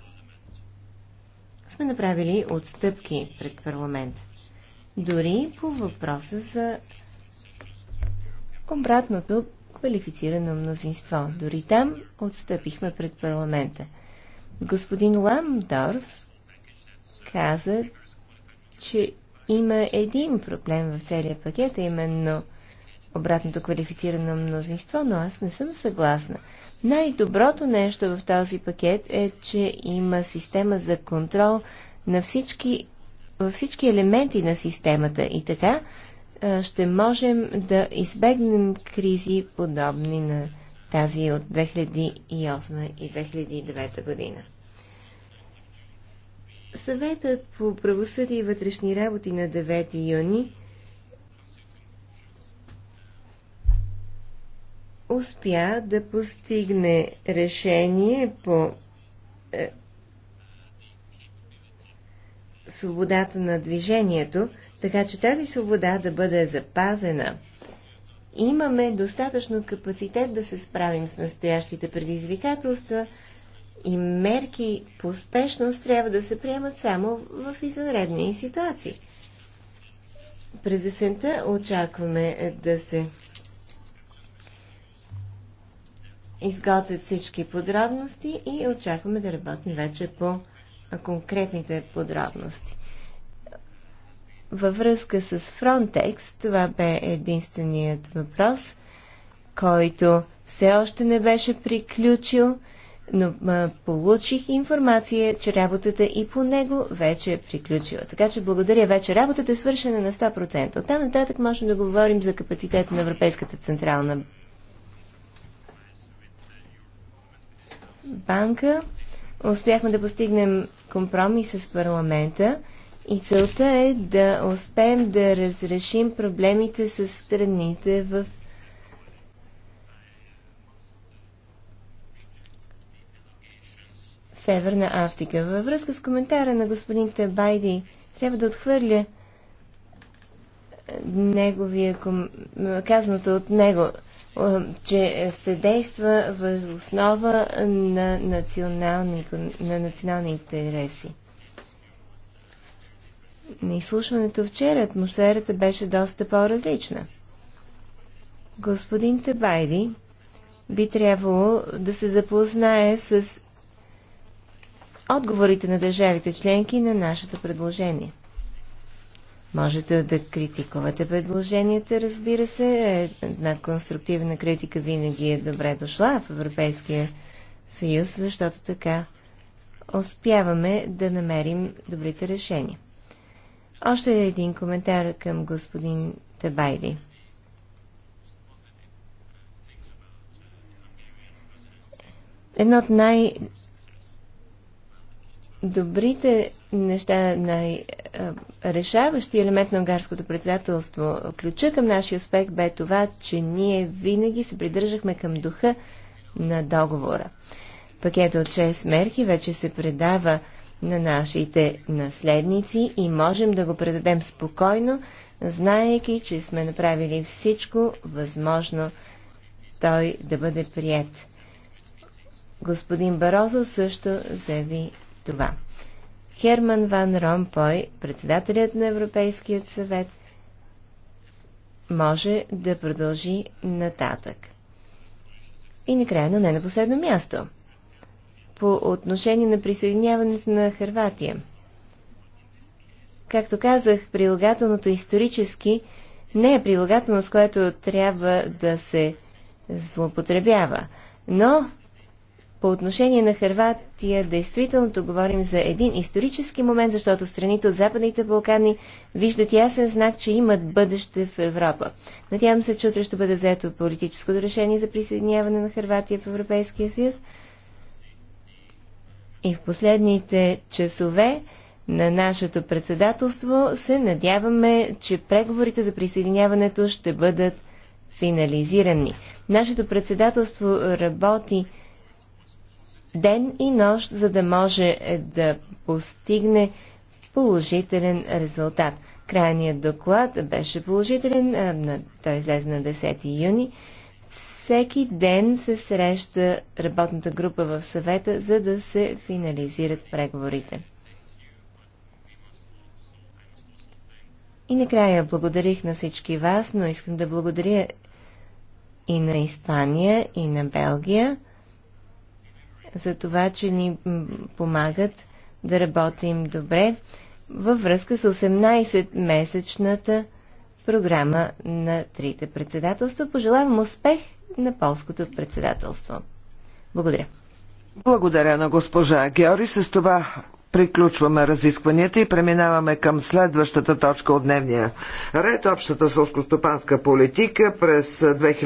сме направили отстъпки пред парламент, Дори по въпроса за обратното квалифицирано мнозинство. Дори там отстъпихме пред парламента. Господин Ламдорф каза, че има един проблем в целия пакет, а именно обратното квалифицирано мнозинство, но аз не съм съгласна. Най-доброто нещо в този пакет е, че има система за контрол на всички, във всички елементи на системата и така ще можем да избегнем кризи подобни на тази от 2008 и 2009 година. Съветът по правосъдие и вътрешни работи на 9 юни успя да постигне решение по е, свободата на движението, така че тази свобода да бъде запазена. Имаме достатъчно капацитет да се справим с настоящите предизвикателства и мерки по спешност трябва да се приемат само в извънредни ситуации. През есента очакваме да се изготвят всички подробности и очакваме да работим вече по конкретните подробности. Във връзка с Frontex, това бе единственият въпрос, който все още не беше приключил, но а, получих информация, че работата и по него вече е приключила. Така че благодаря вече. Работата е свършена на 100%. Оттам нататък можем да говорим за капацитет на Европейската централна банка успяхме да постигнем компромис с парламента и целта е да успеем да разрешим проблемите с страните в Северна Африка. Във връзка с коментара на господин Тебайди, трябва да отхвърля неговия, казаното от него, че се действа въз основа на, национални, на национални интереси. На изслушването вчера атмосферата беше доста по-различна. Господин Табайди би трябвало да се запознае с отговорите на държавите членки на нашето предложение. Можете да критикувате предложенията, разбира се. Една конструктивна критика винаги е добре дошла в Европейския съюз, защото така успяваме да намерим добрите решения. Още един коментар към господин Табайди. Едно от най- добрите неща, най-решаващи елемент на унгарското председателство, ключа към нашия успех бе това, че ние винаги се придържахме към духа на договора. Пакета от 6 мерки вече се предава на нашите наследници и можем да го предадем спокойно, знаеки, че сме направили всичко възможно той да бъде прият. Господин Барозо също заяви това. Херман Ван Ромпой, председателят на Европейският съвет, може да продължи нататък. И накрая, но не на последно място. По отношение на присъединяването на Харватия. Както казах, прилагателното исторически не е прилагателно, с което трябва да се злоупотребява. Но по отношение на Харватия, действителното говорим за един исторически момент, защото страните от Западните Балкани виждат ясен знак, че имат бъдеще в Европа. Надявам се, че утре ще бъде взето политическото решение за присъединяване на Харватия в Европейския съюз. И в последните часове на нашето председателство се надяваме, че преговорите за присъединяването ще бъдат финализирани. Нашето председателство работи ден и нощ, за да може е, да постигне положителен резултат. Крайният доклад беше положителен, той излезе на 10 юни. Всеки ден се среща работната група в съвета, за да се финализират преговорите. И накрая благодарих на всички вас, но искам да благодаря и на Испания, и на Белгия за това, че ни помагат да работим добре във връзка с 18-месечната програма на трите председателства. Пожелавам успех на полското председателство. Благодаря. Благодаря на госпожа Геори. С това Приключваме разискванията и преминаваме към следващата точка от дневния ред. Общата сълскостопанска политика през 2000